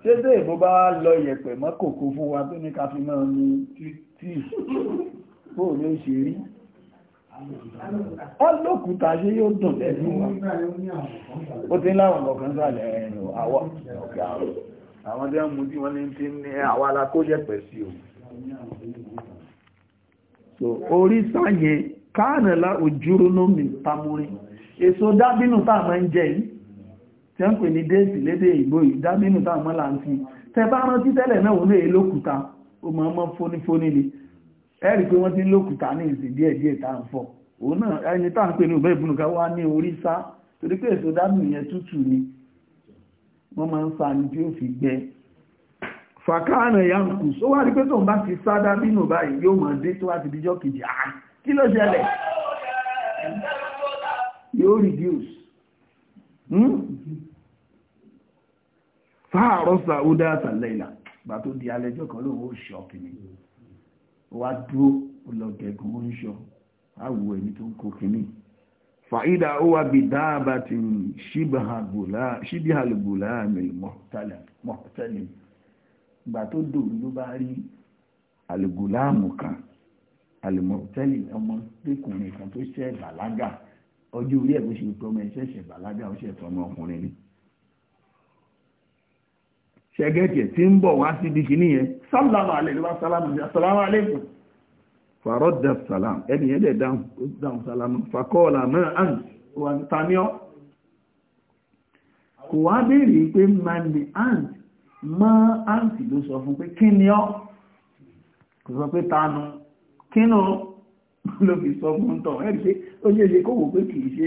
ṣé dé ìbò bá lọ yẹ̀pẹ̀ mọ́ kòkó fún wa tó ní ká fi máa mu tíì bóò ní ó ṣe rí ọlọ́kùta ṣe yóò dùn lẹ́nu wa ó ti láwọn ọ̀kan sàlẹ̀ ẹ̀rìn àwọ̀ àwọn tí wọ́n mú tí wọ́n ní tí ní àwọn alákójẹ́ pẹ̀ sí o so orí sáyẹ káàrẹ̀lá òjúrú lómi tamurin èso dábínú táà máa ń jẹ yìí tí wọ́n pè ní déèsì lédè ìgbò yìí dábínú táà máa láǹtí ni ẹ̀rí pé wọ́n ti ń lókùtà ní ìsìn díẹ̀ díẹ̀ tá ń fọ̀ òun náà ẹni tá ń pè ní ọ̀bẹ ìbùnùká wá ní orí sá torí pé èso dánù yẹn tútù ni wọ́n máa ń sa ni tí ó fi gbẹ fàkàánà ya ń kù só wá rí pé tóun bá ti sá dábínú báyìí yóò máa dé tó wá ti dijọ́ kejì àá kí ló ṣẹlẹ̀ yóò reduce fáàrọ̀ sàúdà àtàlẹ́là gbà tó di alẹ́jọ́ kan lóun ó ṣọ́ọ̀kì ni wá dúró ọlọ́gẹ̀gùn ó ń ṣọ àwọ̀ ẹni tó ń kó kìíní fàídà ó wà bí dáàbà ti ṣíbíhàlùgbòlá àmì mọ̀tẹ́lẹ̀ ìgbà tó dòrú ló bá rí àlùgbòlá àmù kan àlùmọ̀tẹ́lì ọmọ lẹ́kùnrin kan tó ṣẹ̀ bàlágà ọjọ́ orí ẹ̀ bó ṣe tọmọ ẹ̀ bàlágà ó ṣẹ̀ tọmọ ọkùnrin ni ṣẹgẹ́tẹ̀ tí ń bọ̀ wá síbi kìíní yẹn sálámù alẹ́ ló bá sálámù sí asálámù alaykum fàrọ́dà sálámù ẹni yẹn dẹ̀ dáhùn sálámù fàkọ́ọ̀lá mẹ́rin àn wà ní taniọ́ kò wá béèrè pé mani àn mọ́ àǹtì ló sọ fún pé kí kò sọ pé tanu kínú ló fi sọ fún tọ̀ ẹ̀rí pé ó ṣe é ṣe kó wò pé kì í ṣe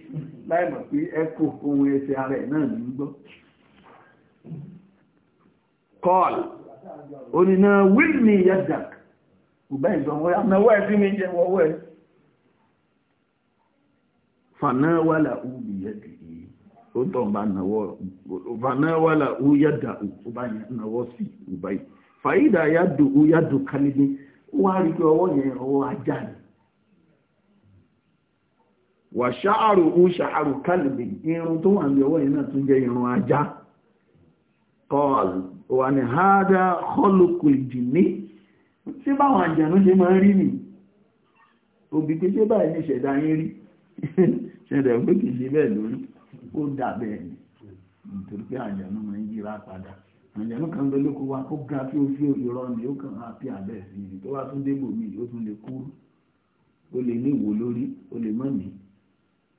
láìmọ̀ pé ẹkù ohun ẹsẹ̀ ara ẹ̀ náà ní gbọ́ kọ́ọ̀l onínà wíl ní yadak ọgbà ìgbọ̀nwọ́ àmẹ́wọ́ ẹ̀ sí mi jẹ́ wọ́wọ́ ẹ̀ fanáwàlà ubi yẹ́dì yìí ó tọ́ bá náwọ́ fanáwàlà uyada ọba náwọ́ sí ọba yìí fàyídà yàdù uyadù kálíbí wọ́n á rí pé ọwọ́ yẹn ọwọ́ wà ṣáàrù ó ṣáàrù kálìbì irun tó wà ní ọwọ́ yìí náà tún jẹ́ irun ajá kọlù wà ní hádá hólùkù ìjìní tí báwọn àjànú ṣe máa ń rí nì òbí tí ṣe báyìí ní ṣẹ̀dá yín rí ṣẹ̀dá pé kì í ṣe bẹ́ẹ̀ lórí ó dà bẹ́ẹ̀ ni nítorí pé àjànú máa ń yíra padà ni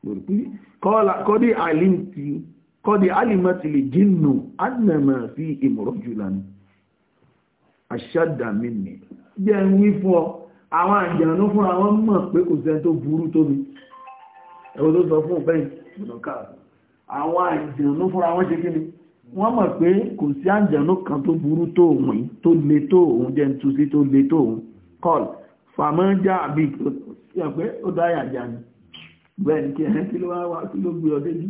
lórí kọ́dí àlìmtì kọ́dí àlìmọ́tì lè jínú ánàmà sí ìmọ̀rọ̀ jùlọ ní aṣádàmì ní jẹ́ ń wí fún ọ àwọn àjànú fún àwọn mọ̀ pé kò sẹ́ tó burú tó mi ẹ̀wọ́ tó sọ fún ọ̀fẹ́ àwọn àjànú fún àwọn ṣe kíni wọ́n mọ̀ pé kò sí àjànú kan tó burú tó òun tó le tó òun jẹ́ ń tú sí tó le tó òun já bẹ́ẹ̀ ni kí ẹ̀hẹ́n kí ló wá kí ló gbé ọdẹ jí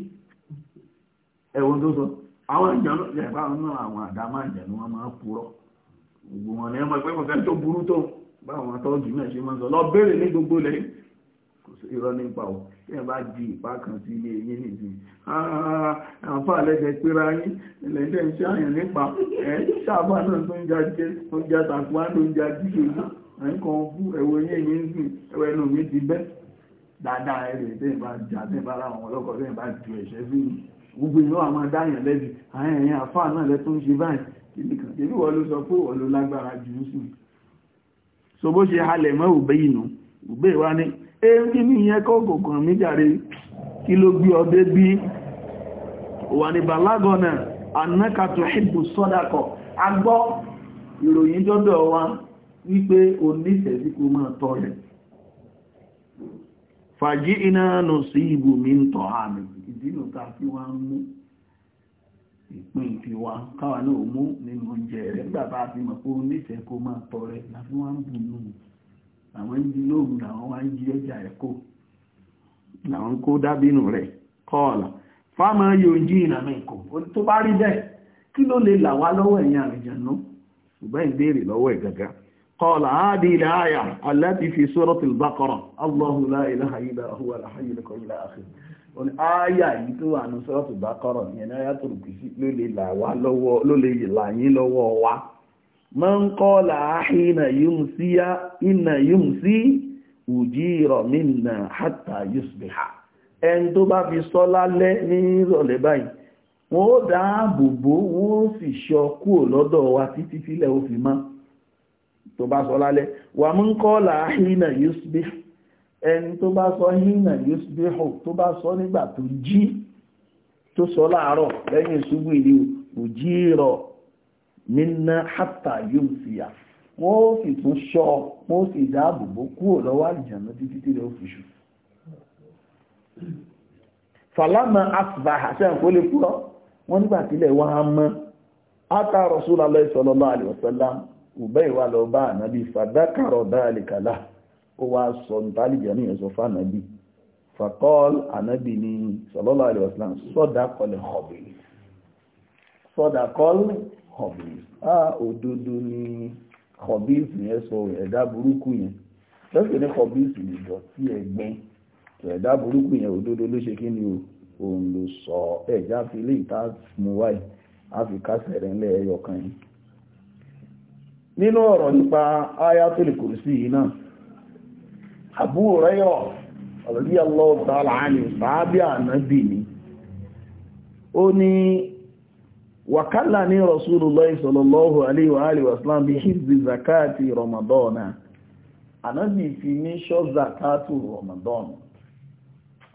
ẹ̀wọ̀n tó sọ àwọn ìjànú ìjàpá náà àwọn àdámà ìjànú wọn máa ń purọ́ gbogbo wọn ni ẹ mọ̀ pé kò fẹ́ tó burú tó báwọn atọ́jú náà ṣe máa ń sọ lọ béèrè ní gbogbo lẹ́yìn kò sí irọ́ nípa o tí ẹ bá di ìpá kan sí ilé yín nìdí àǹfà lẹ́sẹ̀ péra yín ẹlẹ́dẹ̀ ń ṣàyàn nípa ẹ̀ ṣàbà náà tó ń jajẹ́ tó ń jatàkùn á ló ń jajẹ́ ẹ̀ńkan fún ẹ̀wọ̀ yẹn yín sìn ẹ̀wọ̀ ẹnu mi ti bẹ́ẹ̀ dáadáa ẹ̀rẹ̀ tẹ́yìn bá jà tẹ́yìn bá láwọn ọlọ́kọ̀ tẹ́yìn bá ju ẹ̀ṣẹ́ sí i gbogbo ìlú àwọn adáyàn lẹ́bi àwọn ẹ̀yìn àfáà náà lẹ́ tó ń ṣe báyìí kìíní kan kìíní wọ́n ló sọ pé wọ́n ló lágbára jù ú sí i so bó ṣe halẹ̀ mọ́ òbẹ́ ìnú òbẹ́ ìwá ní èyí ní ìyẹn kọ́kọ̀ kan mí jàre kí ló gbé ọdẹ bí wà ní balagọ́nà anákàtò ìbù sọ́dàkọ̀ agbọ́ ìròyìn jọ́dọ̀ wa wípé onífẹ̀ẹ́ sí kó máa tọrẹ fàjí iná nù sí ibù mi ń tọ̀ àmì ìdínú ta fi wá ń mú ìpín ti wá káwa náà mú nínú oúnjẹ rẹ̀ fi mọ̀ pé ó nífẹ̀ẹ́ kó máa tọrẹ láti wá ń bù nù àwọn ń jí lóòrùn làwọn wá ń jí ọjà ẹ̀ kó làwọn kó dábínú rẹ̀ kọ́ọ̀lá ìlànà ìkọ̀ tó bá rí bẹ́ẹ̀ kí قال هذه الآية التي في سورة البقرة الله لا إله إلا هو الحي القيوم إلى آخره Àyà yìí tó wà ní sọ́ọ̀tù bá kọ́rọ̀ ní ẹ̀nà ayá tó rùkú sí ló lè là wá lọ́wọ́ ló lè là yín lọ́wọ́ wa. Mọ́ ń kọ́ làáhìnà yóò sí yá ìnà yóò sí òjì ìrọ̀mí nà hátà yusbiha. Ẹni tó bá fi sọ lálẹ́ ní ìrọ̀lẹ́ báyìí, wọ́n ó dáàbò bò wọ́n ó sì ṣọ kúrò lọ́dọ̀ wa títí tílẹ̀ ó fi mọ́. tó bá sọ lálẹ́ wà mú ń kọ́ là ẹni tó bá sọ hínà tó sọ nígbà tó jí tó sọ láàárọ̀ lẹ́yìn ìṣubú ìlú òjì rọ̀ nínà hátà yóò siya wọ́n ó sì tún ṣọ́ wọ́n sì dáàbòbò kúrò lọ́wọ́ títí tí fi ṣù fàlámà ùbẹ́ ìwà lọ bá anabi fàdákàrọ̀ dáàlìkàlá ó wá sọ ntálìjẹ́ ní ẹ̀sọ́ fànábì fàkọ́ọ̀lù ànábì ní sallallahu alaihi wasallam sọ́dàkọ́lẹ̀ sọ́dàkọ́lù họ̀bìlì a òdodo ni họ̀bìlì yẹn sọ ẹ̀dá burúkú yẹn lọ́sẹ̀ ní họ̀bìlì ìdọ̀tí ẹ̀gbin ẹ̀dá burúkú yẹn òdodo ló ṣe kí ni òun ló sọ ẹ̀já fi ta mú wáyé á fi nínú ọ̀rọ̀ nípa ayatul kursi náà Abu Hurairah radiyallahu ta'ala anhu sàábí ànábì ni ó ní wàkálà ní Rasulullah sallallahu alaihi wa alihi wa sallam bí hizbi zakati ramadana ànábì fi ní ṣọ́ zakatu ramadana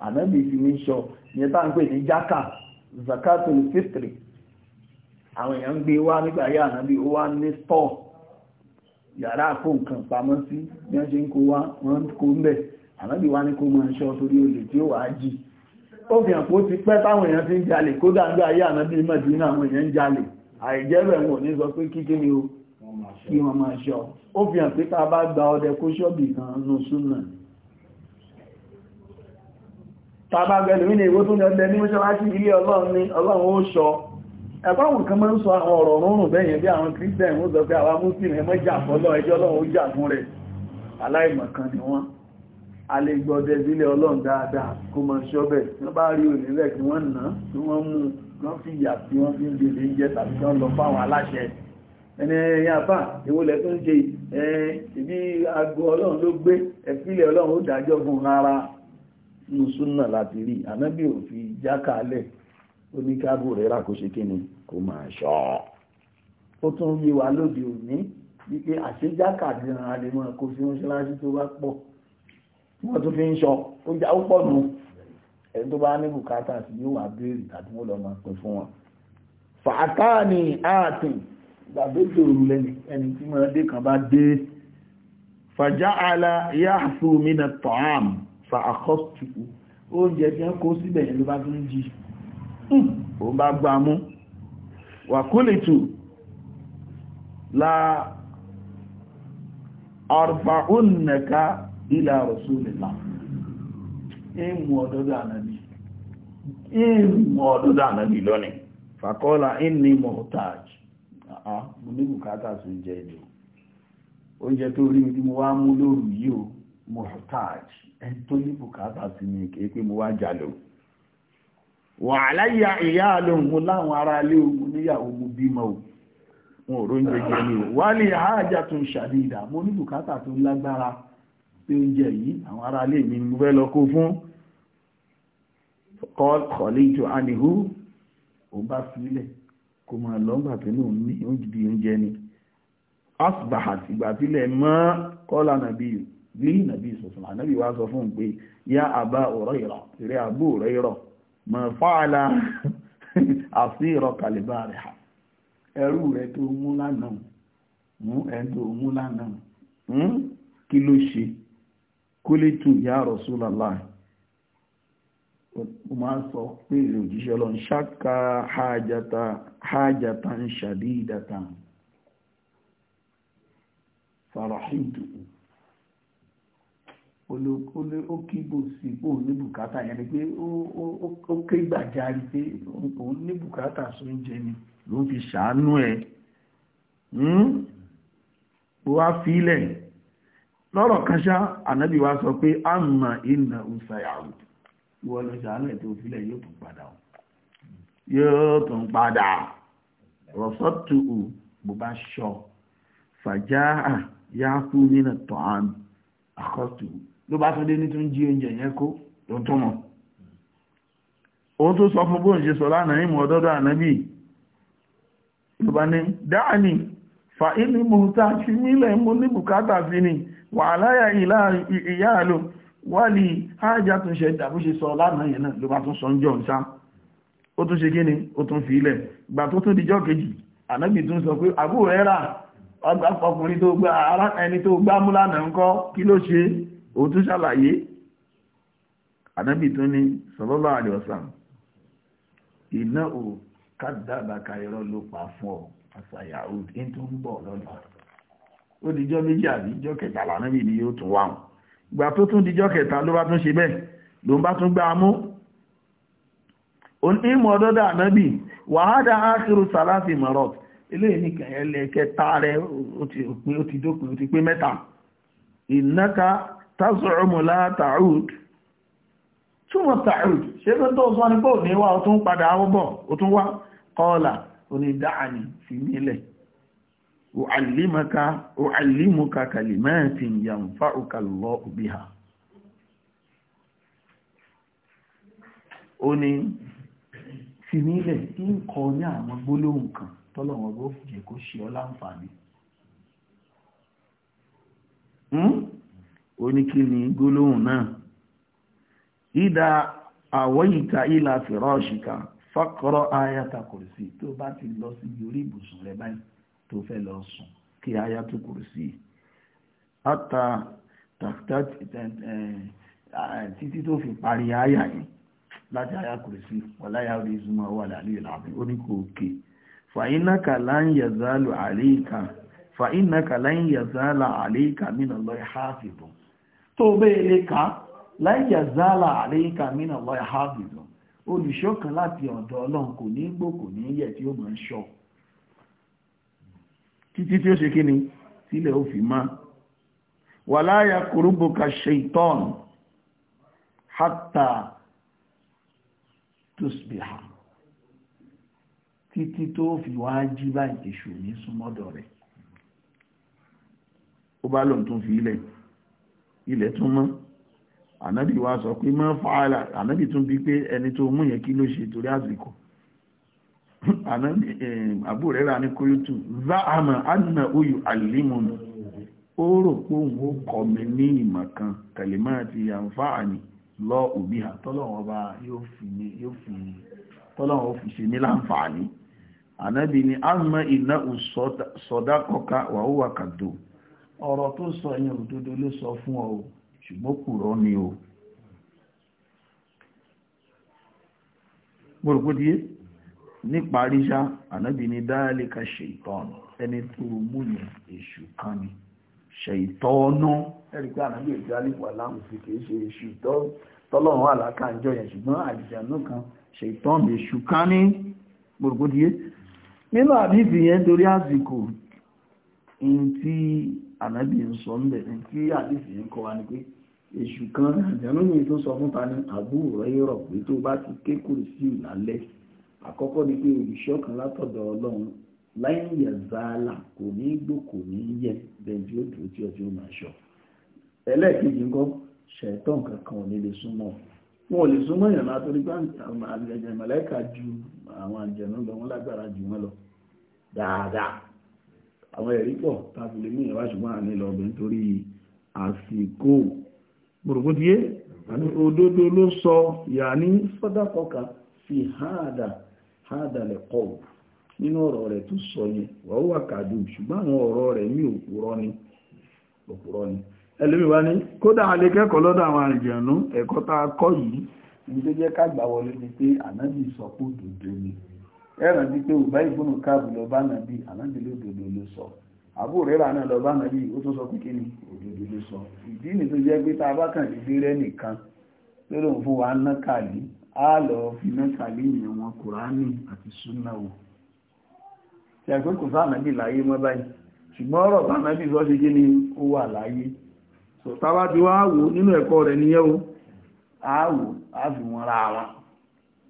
ànábì fi ní ṣọ́ ìyẹn tá ń pè ní jákà zakatul fitri àwọn èèyàn ń gbé wá nígbà yá ànábì ó wá ní stọ́ọ̀ yàrá àpò nǹkan pamọ́ sí bí wọ́n ṣe ń kó wá wọ́n kó ń bẹ̀ ànábì wá ní kó mọ ẹṣọ́ torí olè tí ó wà á jì ó fi hàn pé ó ti pẹ́ táwọn èèyàn ti ń jalè kódà ń ayé ànábì mẹ́dínà àwọn èèyàn ń jalè àìjẹ́bẹ̀ wọn ò ní sọ pé kíkí ni o kí wọ́n máa ṣọ́ ó fi hàn pé bá gba ọdẹ kó ṣọ́bì kan nù súnà tá bá gbẹ̀lú ní èwo tó ń ẹ̀báwọn kan máa ń sọ àwọn ọ̀rọ̀ rúnrùn bẹ́yẹn bí àwọn Christian wọ́n sọ pé àwọn Muslim ẹmọ́ jà fọ́lọ́ ẹjọ́ lọ́wọ́ jà fún rẹ̀ aláìmọ̀kan ni wọ́n a lè gbọ́dẹ sílé Ọlọ́run dáadáa kó mọ̀ ṣọ́bẹ̀ tí wọ́n bá rí onílẹ̀ kí wọ́n nà tí wọ́n mú wọ́n fi yà tí wọ́n fi ń gbèlè jẹ́ tàbí kí wọ́n lọ fáwọn aláṣẹ ẹni ẹ̀yìn àbá ìwọlẹ̀ tó ń ṣe ìbí ago Ọlọ́run ló gbé ẹ̀fílẹ̀ Ọlọ́run ó dájọ́ fún rárá nùsùn ó ní káàbù rẹ̀ rà kó ṣe kí ni kó máa ṣọ́ ó tún yé wa lóde òní wípé àṣejáka gan-an lè mọ́ kó fi mọ́ṣáláṣí tó bá pọ̀ wọ́n tún fi ń ṣọ́ ó já ó pọ̀ nù ẹni tó bá ní bùkátà sí yóò wá béèrè tàbí wọ́n lọ máa pín fún wọn fàátáàní ààtìn gbàgbéjò lẹ́ni ẹni tí mọ́ dé kan bá dé fàjá àlà yáàfù mí na tọ́ám fà àkọ́sùtù oúnjẹ tí wọ́n kó síbẹ̀ yẹn ló bá tún jí ó bá gbá mú la arfa'unnaka ila rasulillah ìmú ọ̀dọ́dọ̀ ànàbì ìmú ọ̀dọ́dọ̀ ànàbì lónìí fàkọ́lá inni muhtaj àá mo ní bùkátà sí oúnjẹ ìlú oúnjẹ tó rí mi tí mo wá mú lóru yìí o muhtaj ní bùkátà sí mi kéèké mo wà láyà ìyá alóhun láwọn ará alé ogun níyàwó mú bímọ o wọn òrò oúnjẹ jẹ ní o wà lè àájá tó ń ṣàdídà mo ní bùkátà tó lágbára pé oúnjẹ yìí àwọn ará alé mi mú fẹ́ lọ kó fún kọ́lẹ́jọ àníhú ò bá sílẹ̀ kò máa lọ́gbà tó ní òun ní oúnjẹ oúnjẹ ni asbahat ìgbà sílẹ̀ mọ́ kọ́lá nàbí bí nàbí sọ̀sọ̀ ànábì ma fáàlà àfi ìrọ̀kàlẹ̀bá rẹ̀ hà ẹrú rẹ̀ tó mú lánàá mú ẹni tó mú lánàá kí ya Rasulullah ó kíbò sí òun ní bùkátà yẹn ni pé ó ké gbàjarì pé òun ní bùkátà sóúnjẹ ni ló fi ṣàánú ẹ̀ hmm? ó wá fílẹ̀ lọ́rọ̀ kan ṣá ànábì wa sọ pé àmà ìnà òsàyàwó ìwọ lọ ṣàánú ẹ̀ tó fílẹ̀ yóò tún padà yóò tún padà rọ̀sọ́tù bó bá ṣọ fàjá yá fún nínú tọ́ àmì àkọ́tù ló bá tún dé ní tún jí oúnjẹ yẹn kó tó tún mọ̀ òun tó sọ fún bóun sọ lánàá ìmọ̀ ọ̀dọ́dọ̀ ànábì ló bá ní dáàní fa ìlú mọ̀ta fi mílẹ̀ mú ní bùkátà fi ni wàhálà ìyá àlò wálì ájá tún ṣe dàbó ṣe sọ lánàá yẹn náà ló bá tún sọ ń jọ ń sá ó tún ṣe kíni ó tún fi ilẹ̀ gbà tó tún dijọ́ kejì ànábì tún sọ pé àbúrò ẹ̀ ọgbà ọkùnrin tó gbá ara ẹni tó gbá múlànà ńkọ́ kí ló ṣe ó tún ṣàlàyé ànábì ní sallallahu alaihi iná ò kádàbàkà irọ́ ló pa fún ọ àṣàyà ó tí tó ń bọ̀ lọ́nà ó dijọ́ méjì àbí ìjọ́ kẹta ni yóò tún wáhùn ìgbà tó tún dijọ́ kẹta ló bá tún ṣe bẹ́ẹ̀ ló bá tún gbá mú ànábì wàhádà áṣírù ilé kẹta rẹ̀ ó ti tazumu la ta'ud túnmọ̀ ta'ud ṣe fẹ́ tó sọ ní pé ò ní wá o tún padà àwọ́bọ̀ o tún wá kọ́ọ̀là oní dáàni fi nílẹ̀ u'allimuka kalimatin yanfa'uka Allahu biha ó ní fi nílẹ̀ tí ń kọ ní àwọn gbólóhùn kan tọ́lọ̀wọ̀n oníkíni gbólóhùn náà ìdá àwọ̀yìká ìlà fìrọ́ọ̀ṣìká fọ́kọ́rọ́ ayata kùrùsí tó bá ti lọ sí orí ibùsùn rẹ báyìí tó fẹ́ lọ sùn kí ayatu kùrùsí ata eh, títí tó fi parí aya yìí láti aya kùrùsí wàláyà orí ìzúmọ̀ wà lálẹ́ ìlàbí ó ní kò òkè fàínàkà láyìn yàzálà àléìkà mínà lọ́ọ́ háàfìbùn tó bẹ́ẹ̀ lè ká láìyà zálà àríkà mínà lọ́yà hábìlú olùṣọ́kan láti ọ̀dọ̀ ọlọ́run kò ní gbò kò ní yẹ̀ tí ó máa ń ṣọ́ títí tí ó ṣe kíni sílẹ̀ ó fi má wà láyà kúrúbùkà ṣaitan hátà ó bá lóun tún fi ilẹ̀ ilẹ̀ tún mọ́ ànábì wa sọ pé mọ́ fàálà ànábì tún bí pé ẹni tó mú yẹn kí ló ṣe torí àsìkò àbú rẹ̀ rà ní kúrútù záàmà ánà oyù àlìmọ̀nù ó rò pé òun ó kọ́ mi ní ìmọ̀ kan kẹlẹ̀mọ́ àti àǹfààní lọ òbí ha tọ́lọ́wọ́n bá yóò fi tọ́lọ́wọ́n fi ṣe ní láǹfààní ànábì ni ánà iná sọ́dákọ́ká wàhúwà kàdó ọ̀rọ̀ tó sọ yẹn òdodo ló sọ fún ọ o ṣùgbọ́n kùrọ̀ ni o gbòrògbòdìyẹ níparí ṣá ànábì ní dáálíkà ṣètọ́nù ẹni tó mú yẹn èṣù kan ni ṣètọ́nù ẹ̀rí pé ànábì èdè alíwà láhùn sí kìí ṣe èṣù tọ́lọ́run àlákàjọ yẹn ṣùgbọ́n àlìjànú kan ṣètọ́nù èṣù kan ní gbòrògbòdìyẹ nínú àdìsí yẹn torí àsìkò ànábì ń sọ ńbẹ̀ ní kí àdìsí yìí kọ́ wa ni pé èṣù kan àjẹ́nú mi tó sọ fún ta ní àbúrò rẹ̀ pé tó bá ti ké kùrìsì lálẹ́ àkọ́kọ́ ni pé olùṣọ́ kan látọ̀dọ̀ ọlọ́run láì yẹ̀ zaala kò ní gbò kò ní yẹ bẹ́ẹ̀ tí ó dúró tí ọtí ó máa ṣọ ẹlẹ́ẹ̀kejì ńkọ́ ṣẹ̀tàn kankan ò ní lè súnmọ́ wọn ò lè súnmọ́ ìyànlá torí pé àjẹmọ̀lẹ́ka ju àwọn àjẹ̀nú lọ wọn lágbára jù wọn dáadáa àwọn ẹ̀rí pọ̀ tàbí lè mú ìyàwó ṣùgbọ́n àní lọ́gbìn torí àsìkò gbòrògbòdìyé òdodo ló sọ yà ní sọ́dákọ́ka fi háàdà háàdà lẹ́kọ́ nínú ọ̀rọ̀ rẹ̀ tó sọ wà kàdù ṣùgbọ́n àwọn ọ̀rọ̀ rẹ̀ ní òpùrọ́ ni ẹ̀rọ bíi pé òbá ìbùnú káàbù lọ bá nàbí ànábìlẹ̀ òdodo ló sọ àbúrò rẹ̀ náà lọ bá nàbí ó sọ pé ni ló sọ ìdí ni tó jẹ́ pé tá a bá kàn lè dérẹ́ nìkan lórí òun fún wa ná á lọ fi ná ìyẹn wọn kùránì àti tí a láyé mọ́ báyìí ṣùgbọ́n ọ̀rọ̀ kí ti wá ra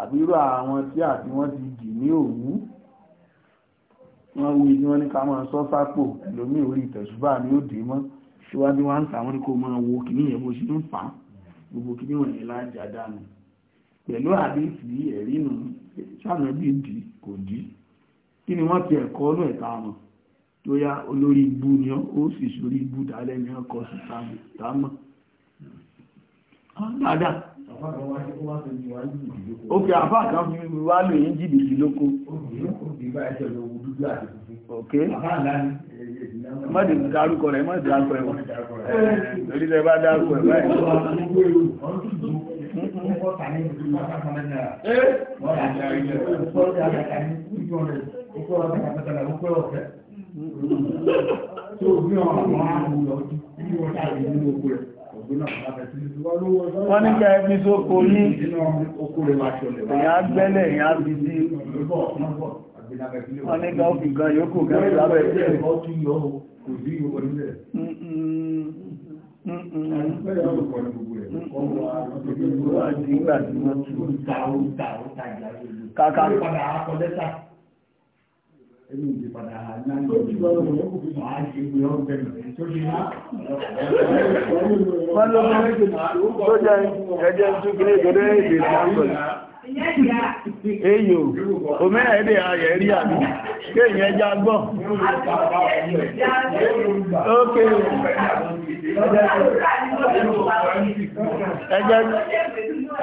àbí irú àwọn tí àti wọ́n ti dì ní òwú wọ́n wí tí wọ́n ní ká máa sọ sápò lómi orí ìtẹ̀sùbà ni ó dé mọ́ síwájú wá ń tà wọ́n ní kó máa wo kìíní yẹn bó ṣe ń fà á gbogbo kìíní wọ̀nyí lájà dànù pẹ̀lú àdéhìí ẹ̀rí nù sáànà bí dì kò dì kí ni wọ́n ti ẹ̀kọ́ ọ̀nà ẹ̀ka wọn tó yá olórí ibú ni ọ́ ó sì sórí ibú dálẹ́ ni ọkọ̀ sí táàmù dáadáa Òkè àfá kan fi wá lò yí jìbìtì lóko. Òkè. Mọ́dé dárúkọ rẹ̀, mọ́dé dárúkọ ẹ̀wọ̀n. Orílẹ̀ bá dárúkọ ẹ̀wọ̀n. Tí ó bí ọ̀rọ̀ àwọn àrùn lọ, tí ó wọ́n tàbí nínú oko rẹ̀ wọ́n ní kẹ́ ẹbí sókò ní èyàn gbẹ́lẹ̀ èyàn bí sí wọ́n ní kẹ́ òfin gan yóò kò gẹ́rẹ́ lábẹ́ Kàkà ẹni ìdí padà eyo òmìnira èdè ayẹ rí àmì kéèyàn ẹja gbọ́. ókè.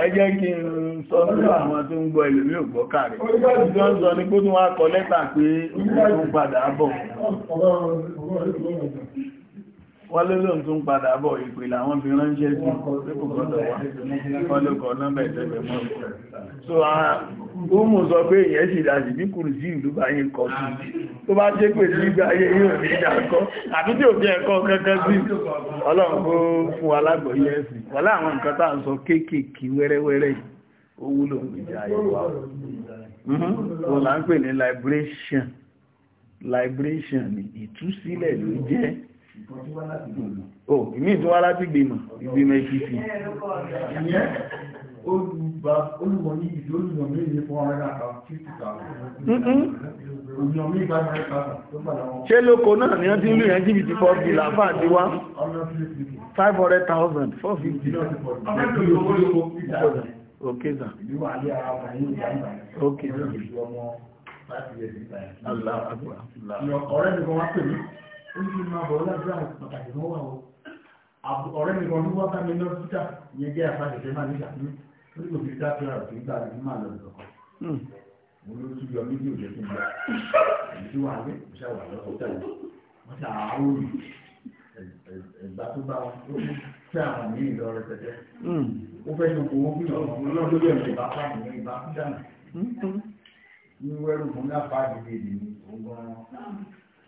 ẹjẹ́ kí n sọ nílò àwọn tó ń gbọ́ ìlúmí ògbọ́ kàrí tí wọ́n sọ ní kó tún wá kọ wọ́n lélòm tún padà bọ̀ ìpè làwọn fi ránṣẹ́ sí pípò gbọ́dọ̀ wà kọ́lùkọ́ nọ́mbà ìtẹ́gbẹ̀ mọ́ so ọmọ sọ pé èyẹ sì dájì bí kùrù sí ìlú bá yí kọ́ sí tó bá jẹ́ pé sí ìgbà ayé yóò ní ìdàkọ́ àbí tí òfin ẹ̀kọ́ kankan sí ọlọ́run kó fún alágbọ̀yé ẹ̀sìn wọ́n láwọn nǹkan tá à ń sọ kéékèèké wẹ́rẹ́wẹ́rẹ́ ó o ìmí ìtún wá láti gbìmọ̀ ìgbìmọ̀ ìfìfì olùgbọ̀n ní ìdí olùgbọ̀n ní ìdí fún ọ̀rẹ́ àtàwọn fífì ṣé lóko náà ni wọ́n ti ń lù yẹn jìbìtì four fifty láfà àti wá five hundred thousand four okay sir. okay sir. Allah akbar. ọ̀rẹ́ mi wá pè mí ó sì máa bọ̀ lọ́dọ̀ àwọn pàtàkì mọ́ wà ó ọ̀rẹ́ mi kan ní wọ́n bá mi lọ síta ìyẹn jẹ́ àfàṣẹ̀ṣẹ̀ máa níta ní ó ní kò fi dá kílára òkè nígbà tí máa lọ lọ́kọ̀ hmm. mo ló tún yọ méjì òjò tó ń bá èyí tí wàá gbé kò ṣàwà lọ́kọ̀ tẹ̀lé wọ́n ṣe àwọn ìgbà tó bá wọn ó fẹ́ àwọn mí lọ rẹpẹtẹ hmm. ó fẹ́ yan owó hmm. fún ọmọ lọ́dọ̀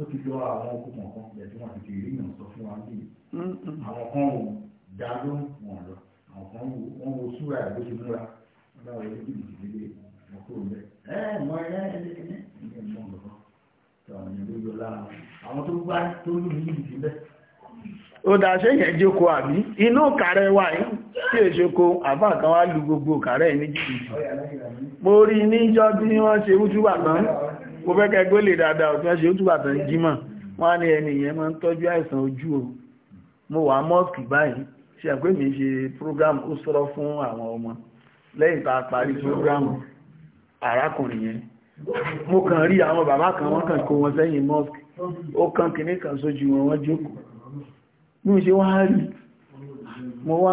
ó ti lọ àwọn okùn kan bẹ̀ tí wọ́n ti fi rí ìyàn sọ fún wa níbi àwọn kan ò dá ló wọ̀n lọ àwọn kan wọ́n wo súra ẹ̀ ló ti múra wọ́n bá wọlé jìbìtì líle wọn kúrò ń bẹ̀ ẹ mọ ẹ ẹni ẹni ẹni mọ nǹkan tó àwọn ènìyàn ló yọ lára àwọn tó gbá tó lù ní jìbìtì bẹ́ẹ̀. ó dá ṣé yẹn jókòó àbí inú kàrẹ́ wà yìí tí èṣoko àbá kan wá lu gbogbo kàrẹ́ ní jìbìtì mo rí níjọ́ bí wọ́n ṣe wútúbà náà mo fẹ́ kẹ́ gbélé dáadáa òtún ẹ̀ṣẹ̀ òtún bàtà ń jímọ̀ wọ́n á ní ẹni yẹn máa ń tọ́jú àìsàn ojú o mo wà mọ́ọ̀kì báyìí ṣe àpé mi ṣe program ó sọ̀rọ̀ fún àwọn ọmọ lẹ́yìn tá a parí program arákùnrin yẹn mo kàn rí àwọn bàbá kan wọ́n kàn kó wọn sẹ́yìn mọ́ọ̀kì ó kàn kìíní kan sójú wọn wọ́n jókòó bí mo ṣe wá rí mo wá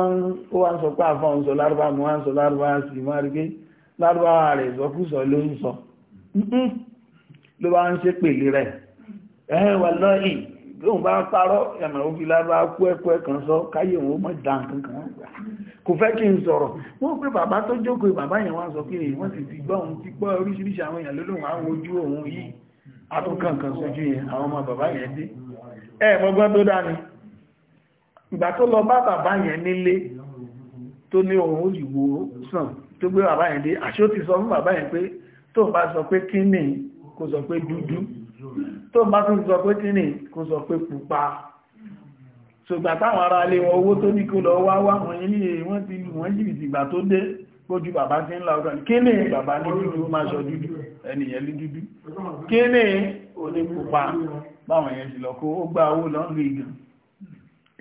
ń sọ pé àfọ́n sọ lárúbá mo wá ń sọ lárúbá sí i wọ́n rí pé lárúbá rẹ̀ ìsọkúsọ ló ń sọ ló bá ń ṣe pèlè rẹ̀ ẹ̀hẹ́ wà lọ́yìn lóun bá ń parọ́ ẹ̀mọ̀ òun fi lára kú ẹ̀kọ́ ẹ̀kan sọ káyé òun mọ̀ dá nǹkan kan kò fẹ́ kí n sọ̀rọ̀ wọ́n pé bàbá tó jókòó bàbá yẹn wọ́n sọ kí ni wọ́n sì ti gbọ́ òun ti gbọ́ oríṣiríṣi àwọn èèyàn lólóhùn àwọn ojú òun yìí atúnkankan sójú yẹn àwọn ọmọ bàbá yẹn dé ẹ̀ mọ́gbọ́n tó dá ni ìgbà tó lọ bá bàbá yẹn nílé tó ní ohun òyìnbó sàn tó gbé bàbá yẹn dé àṣó ti sọ fún bàbá yẹn pé tó bá sọ pé kí ni kó sọ pé dúdú tó bá tún sọ pé kíní kó sọ pé pupa ṣùgbà táwọn ará ilé wọn owó tó ní kó lọ wá wá wọn yìí ní wọ́n ti lù wọ́n jìbìtì ìgbà tó dé gbójú bàbá tí ń la ọ̀rọ̀ kíní bàbá ní dúdú ó máa sọ dúdú ẹnìyàn ní dúdú kíní òní pupa báwọn èèyàn sì lọ kó ó gba owó lọ lù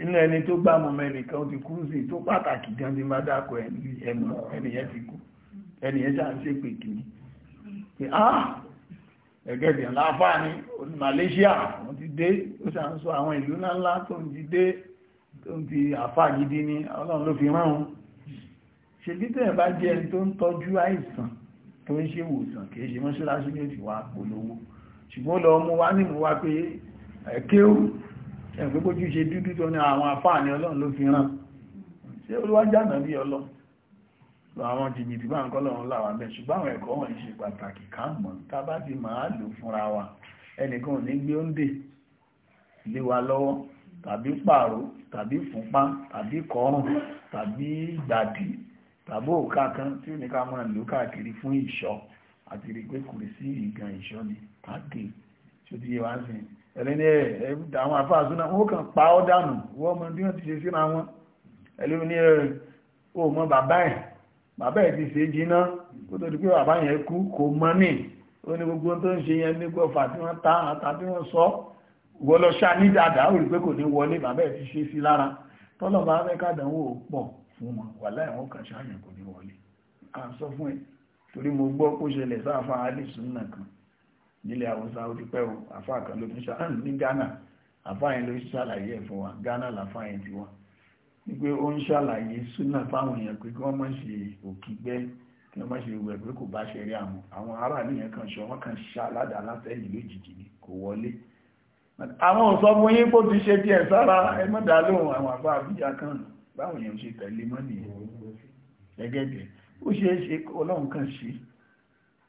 inú ẹni tó gbá mọ̀mọ́ ẹnìkan ti kú sí tó pàtàkì gan ti máa dákọ ẹnìyàn ti kú ẹnìyàn sáà ń ṣépè kìíní gẹ́gẹ́ bí láfáàní ní Malaysia wọ́n ti dé ó ṣàǹsọ àwọn ìlú ńláńlá tó ń ti dé tó ń ti àfáà gidi ní ọlọ́run ló fi rán un ṣe títẹ̀ bá jẹ́ ẹni tó ń tọ́jú àìsàn tó ń ṣe ìwòsàn kìí ṣe mọ́ṣáláṣí ní òtì wá polówó ṣùgbọ́n lọ mú wá nìmú wá pé ẹ̀kéwù ẹ̀gbẹ́gbójú ṣe dúdú tó ní àwọn àfáàní ọlọ́run ló fi rán ṣé olúwájá náà bí ọlọ́run àwọn jìbìtì bá ń kọ́ lọ́run láwà bẹ́ẹ̀ ṣùgbọ́n àwọn ẹ̀kọ́ wọ̀nyí ṣe pàtàkì ká mọ̀ ti máa lò fúnra wa ẹnìkan ò ní gbé oúnjẹ lé wa lọ́wọ́ tàbí pààrọ̀ tàbí fúnpá tàbí kọrùn tàbí gbàdì tàbí òkà kan tí ó ní ká máa lò káàkiri fún ìṣọ́ àti rí pé kùrì sí ìgan ìṣọ́ ni pàdé tí ó ti yẹ wá ń ẹlẹ́ni ẹ̀ àwọn àfáàsù náà kàn pa ọ́ dànù wọ́n mọ bí wọ́n ti ṣe síra wọn ẹlẹ́ni ẹ̀ bàbá ẹ̀ ti ṣe jiná kó tó di pé bàbá yẹn kú kò mọ́ ní ó ní gbogbo tó ń ṣe yẹn ní gbọ́fà tí wọ́n ta ata tí wọ́n sọ wọ́n lọ ṣá ní dáadáa ó rí pé kò ní wọlé bàbá ẹ̀ ti ṣe sí lára tọ́lọ̀ bá fẹ́ kádànwò pọ̀ fún wọn wà láìwọ́n kan ṣáàyàn kò ní wọlé à ń sọ fún ẹ torí mo gbọ́ kó ṣẹlẹ̀ sáfà alìsùn náà kan nílẹ̀ àwọsá ó ti pẹ́ o àfáà kan ló tún ṣáà ní Ghana àfáà yẹn ló ṣàlàyé ẹ̀ fún wa Ghana làfáà yẹn ti wá wípé ó ń ṣàlàyé súnà fáwọn èèyàn pé kí wọ́n má ṣe òkígbẹ́ kí wọ́n má ṣe ìwẹ̀ pé kò bá ṣe rí àwọn àwọn ará nìyẹn kan ṣe wọ́n kan ṣàládà látẹ̀yìn lójijì ni kò wọlé àwọn òsọ fún yín kó ti ṣe tiẹ̀ sára ẹ má dá lóhùn àwọn àbá àbíjà kan báwọn èèyàn ṣe tẹ̀lé mọ́ nìyẹn gẹ́gẹ́ bẹ́ẹ̀ ó ṣe é ṣe ọlọ́run kan ṣe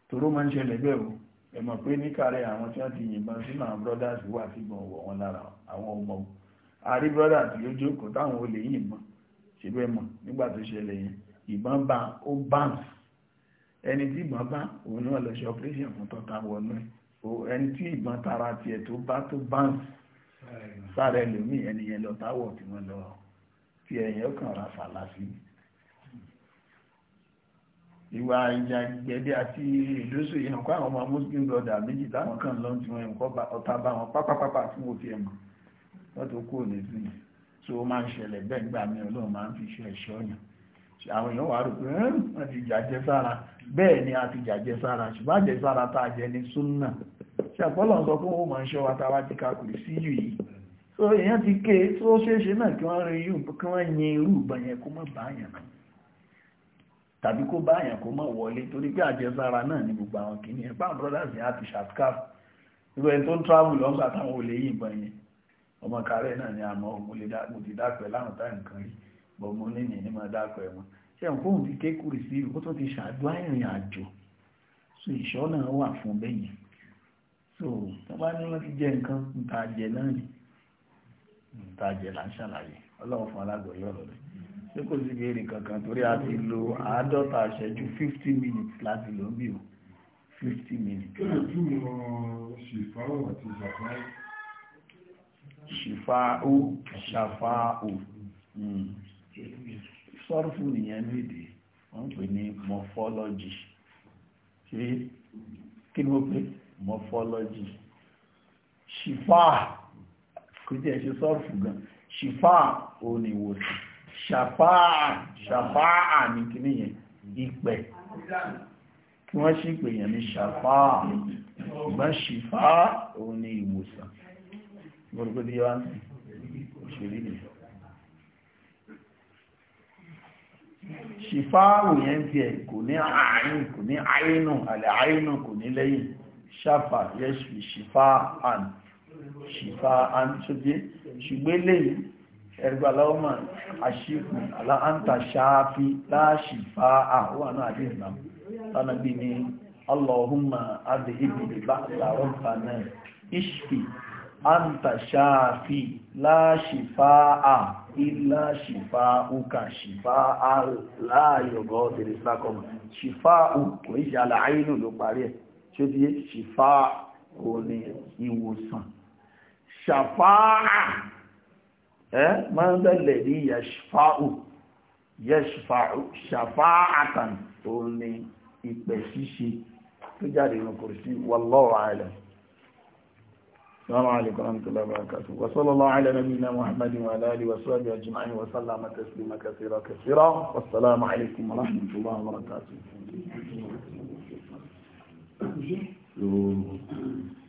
tòró máa ń ṣẹlẹ̀ bẹ́ẹ̀ o ẹ mọ̀ pé níkàrẹ́ àwọn tí wọ́n ti yìnbọn sínú àwọn brothers wà síbọn wọ̀ wọn lára àwọn ọmọ àrí brọ́dà tí ó jókòó táwọn olè yìí mọ̀ ṣèbẹ́ mọ̀ nígbà tó ṣẹlẹ̀ yẹn ìbọn bá ó bounce ẹni tí ìbọn bá òun náà lọ ṣe operation fún tọ́ta wọnú ẹ̀ ẹni tí ìbọn tara tiẹ̀ tó bá tó bounce sáré lómi ẹni yẹn lọ táwọ̀ tí wọ́n lọ tí ẹ̀yìn ọkàn ra fàlà sí i ìwà ìjà ìgbẹ̀dẹ̀ àti ìdóso kọ́ àwọn ọmọ muslim brother méjì táwọn kan lọ́n tí wọ́n ẹ̀kọ́ ọ̀tá bá wọn pápápápá tí wọ́n tó kúrò ní sí so ó máa ń ṣẹlẹ̀ bẹ́ẹ̀ nígbà mi ọlọ́run máa ń fi ṣe ẹ̀ṣọ́ yàn àwọn èèyàn wà rò pé wọ́n ti jàjẹ́ sára bẹ́ẹ̀ ni a ti jàjẹ́ sára ṣùgbọ́n àjẹ́ sára tá a jẹ ní súnà ṣàpọ́lọ̀ sọ pé wọ́n máa ń ṣọ́ wa tá a wá ti ka kùrì sí yù yìí so èèyàn ti ké tó ṣeéṣe náà kí wọ́n rí yù kí wọ́n yin irú ìbọn yẹn kó mọ̀ báyàn tàbí kó báyàn kó mọ̀ wọlé torí pé àjẹsára náà ní gbogbo àwọn kìíní ẹ̀ brothers yẹn àti shafcaf irú ẹni tó ń travel lọ́sọ̀ àtàwọn olè yìnbọn yẹn ọmọ kàárẹ̀ náà ni àmọ́ mo ti dápẹ́ láwọn táyì nǹkan rí bọ́ mo ní ní máa dápẹ́ wọn ṣé n fóun ti kékù rí sí ó tún ti ṣàdúrà ìrìn àjò so ìṣọ́ náà wà fún bẹ́yìn so tó bá ní wọ́n ti jẹ nǹkan nta jẹ náà ni nta jẹ là ń ṣàlàyé ọlọ́run fún alágbọ̀yọ́ rẹ̀ ṣé kò sí béèrè kankan torí a ti lo àádọ́ta ṣẹ́jú fifty minutes láti lò ń bì ó fifty minutes. kí ló dùn mọ́ ṣèfáwọ̀ ṣìfàáhù ṣàfàáhù hmm. sọ́rùfù nìyẹn nídè wọ́n pè ní morphology ṣe kí ni wọ́n pè morphology ṣìfàá kò jẹ́ ṣe sọ́rùfù gan ṣìfàá ò ní ìwòsàn ṣàfàá ṣàfàá ní kí nìyẹn ìpẹ̀ kí wọ́n sì pè yẹn ní ṣàfàá ìgbà ṣìfàá ò ní ìwòsàn gbogbo di wa ṣèlú ni ṣìfáàwù yẹn ti kò ní àárín kò ní àínú àlẹ́ àínú kò ní lẹ́yìn ṣàfà yẹ́ṣù ṣìfáàn ṣìfáàn tó dé ṣùgbọ́n lẹ́yìn ẹgbà lọ́wọ́mà àṣíkù aláàntà ṣááfí láàṣìfá àwọn àná tánàbí ni allahumma adìhìbìlì bá àtàrọ̀ anta ṣáàfì láṣìfáà ilá ṣìfá uka ṣìfá láàyọ̀gọ́ tẹ̀lé sákọ̀mù ṣìfá ukò ìṣẹ́ aláàínù ló parí ẹ̀ ṣé ti yé ṣìfá ò ní ìwòsàn ṣàfáà ẹ́ máa ń bẹ̀lẹ̀ ní yẹ̀ṣfáù yẹ̀ṣfáù ṣàfáàtàn ò ní ìpẹ̀ ṣíṣe tó jáde nù kùrìsí wallahu a'lam السلام عليكم ورحمة الله وبركاته وصلى الله على نبينا محمد وعلى آله وصحبه أجمعين وسلم تسليما كثيرا كثيرا والسلام عليكم ورحمة الله وبركاته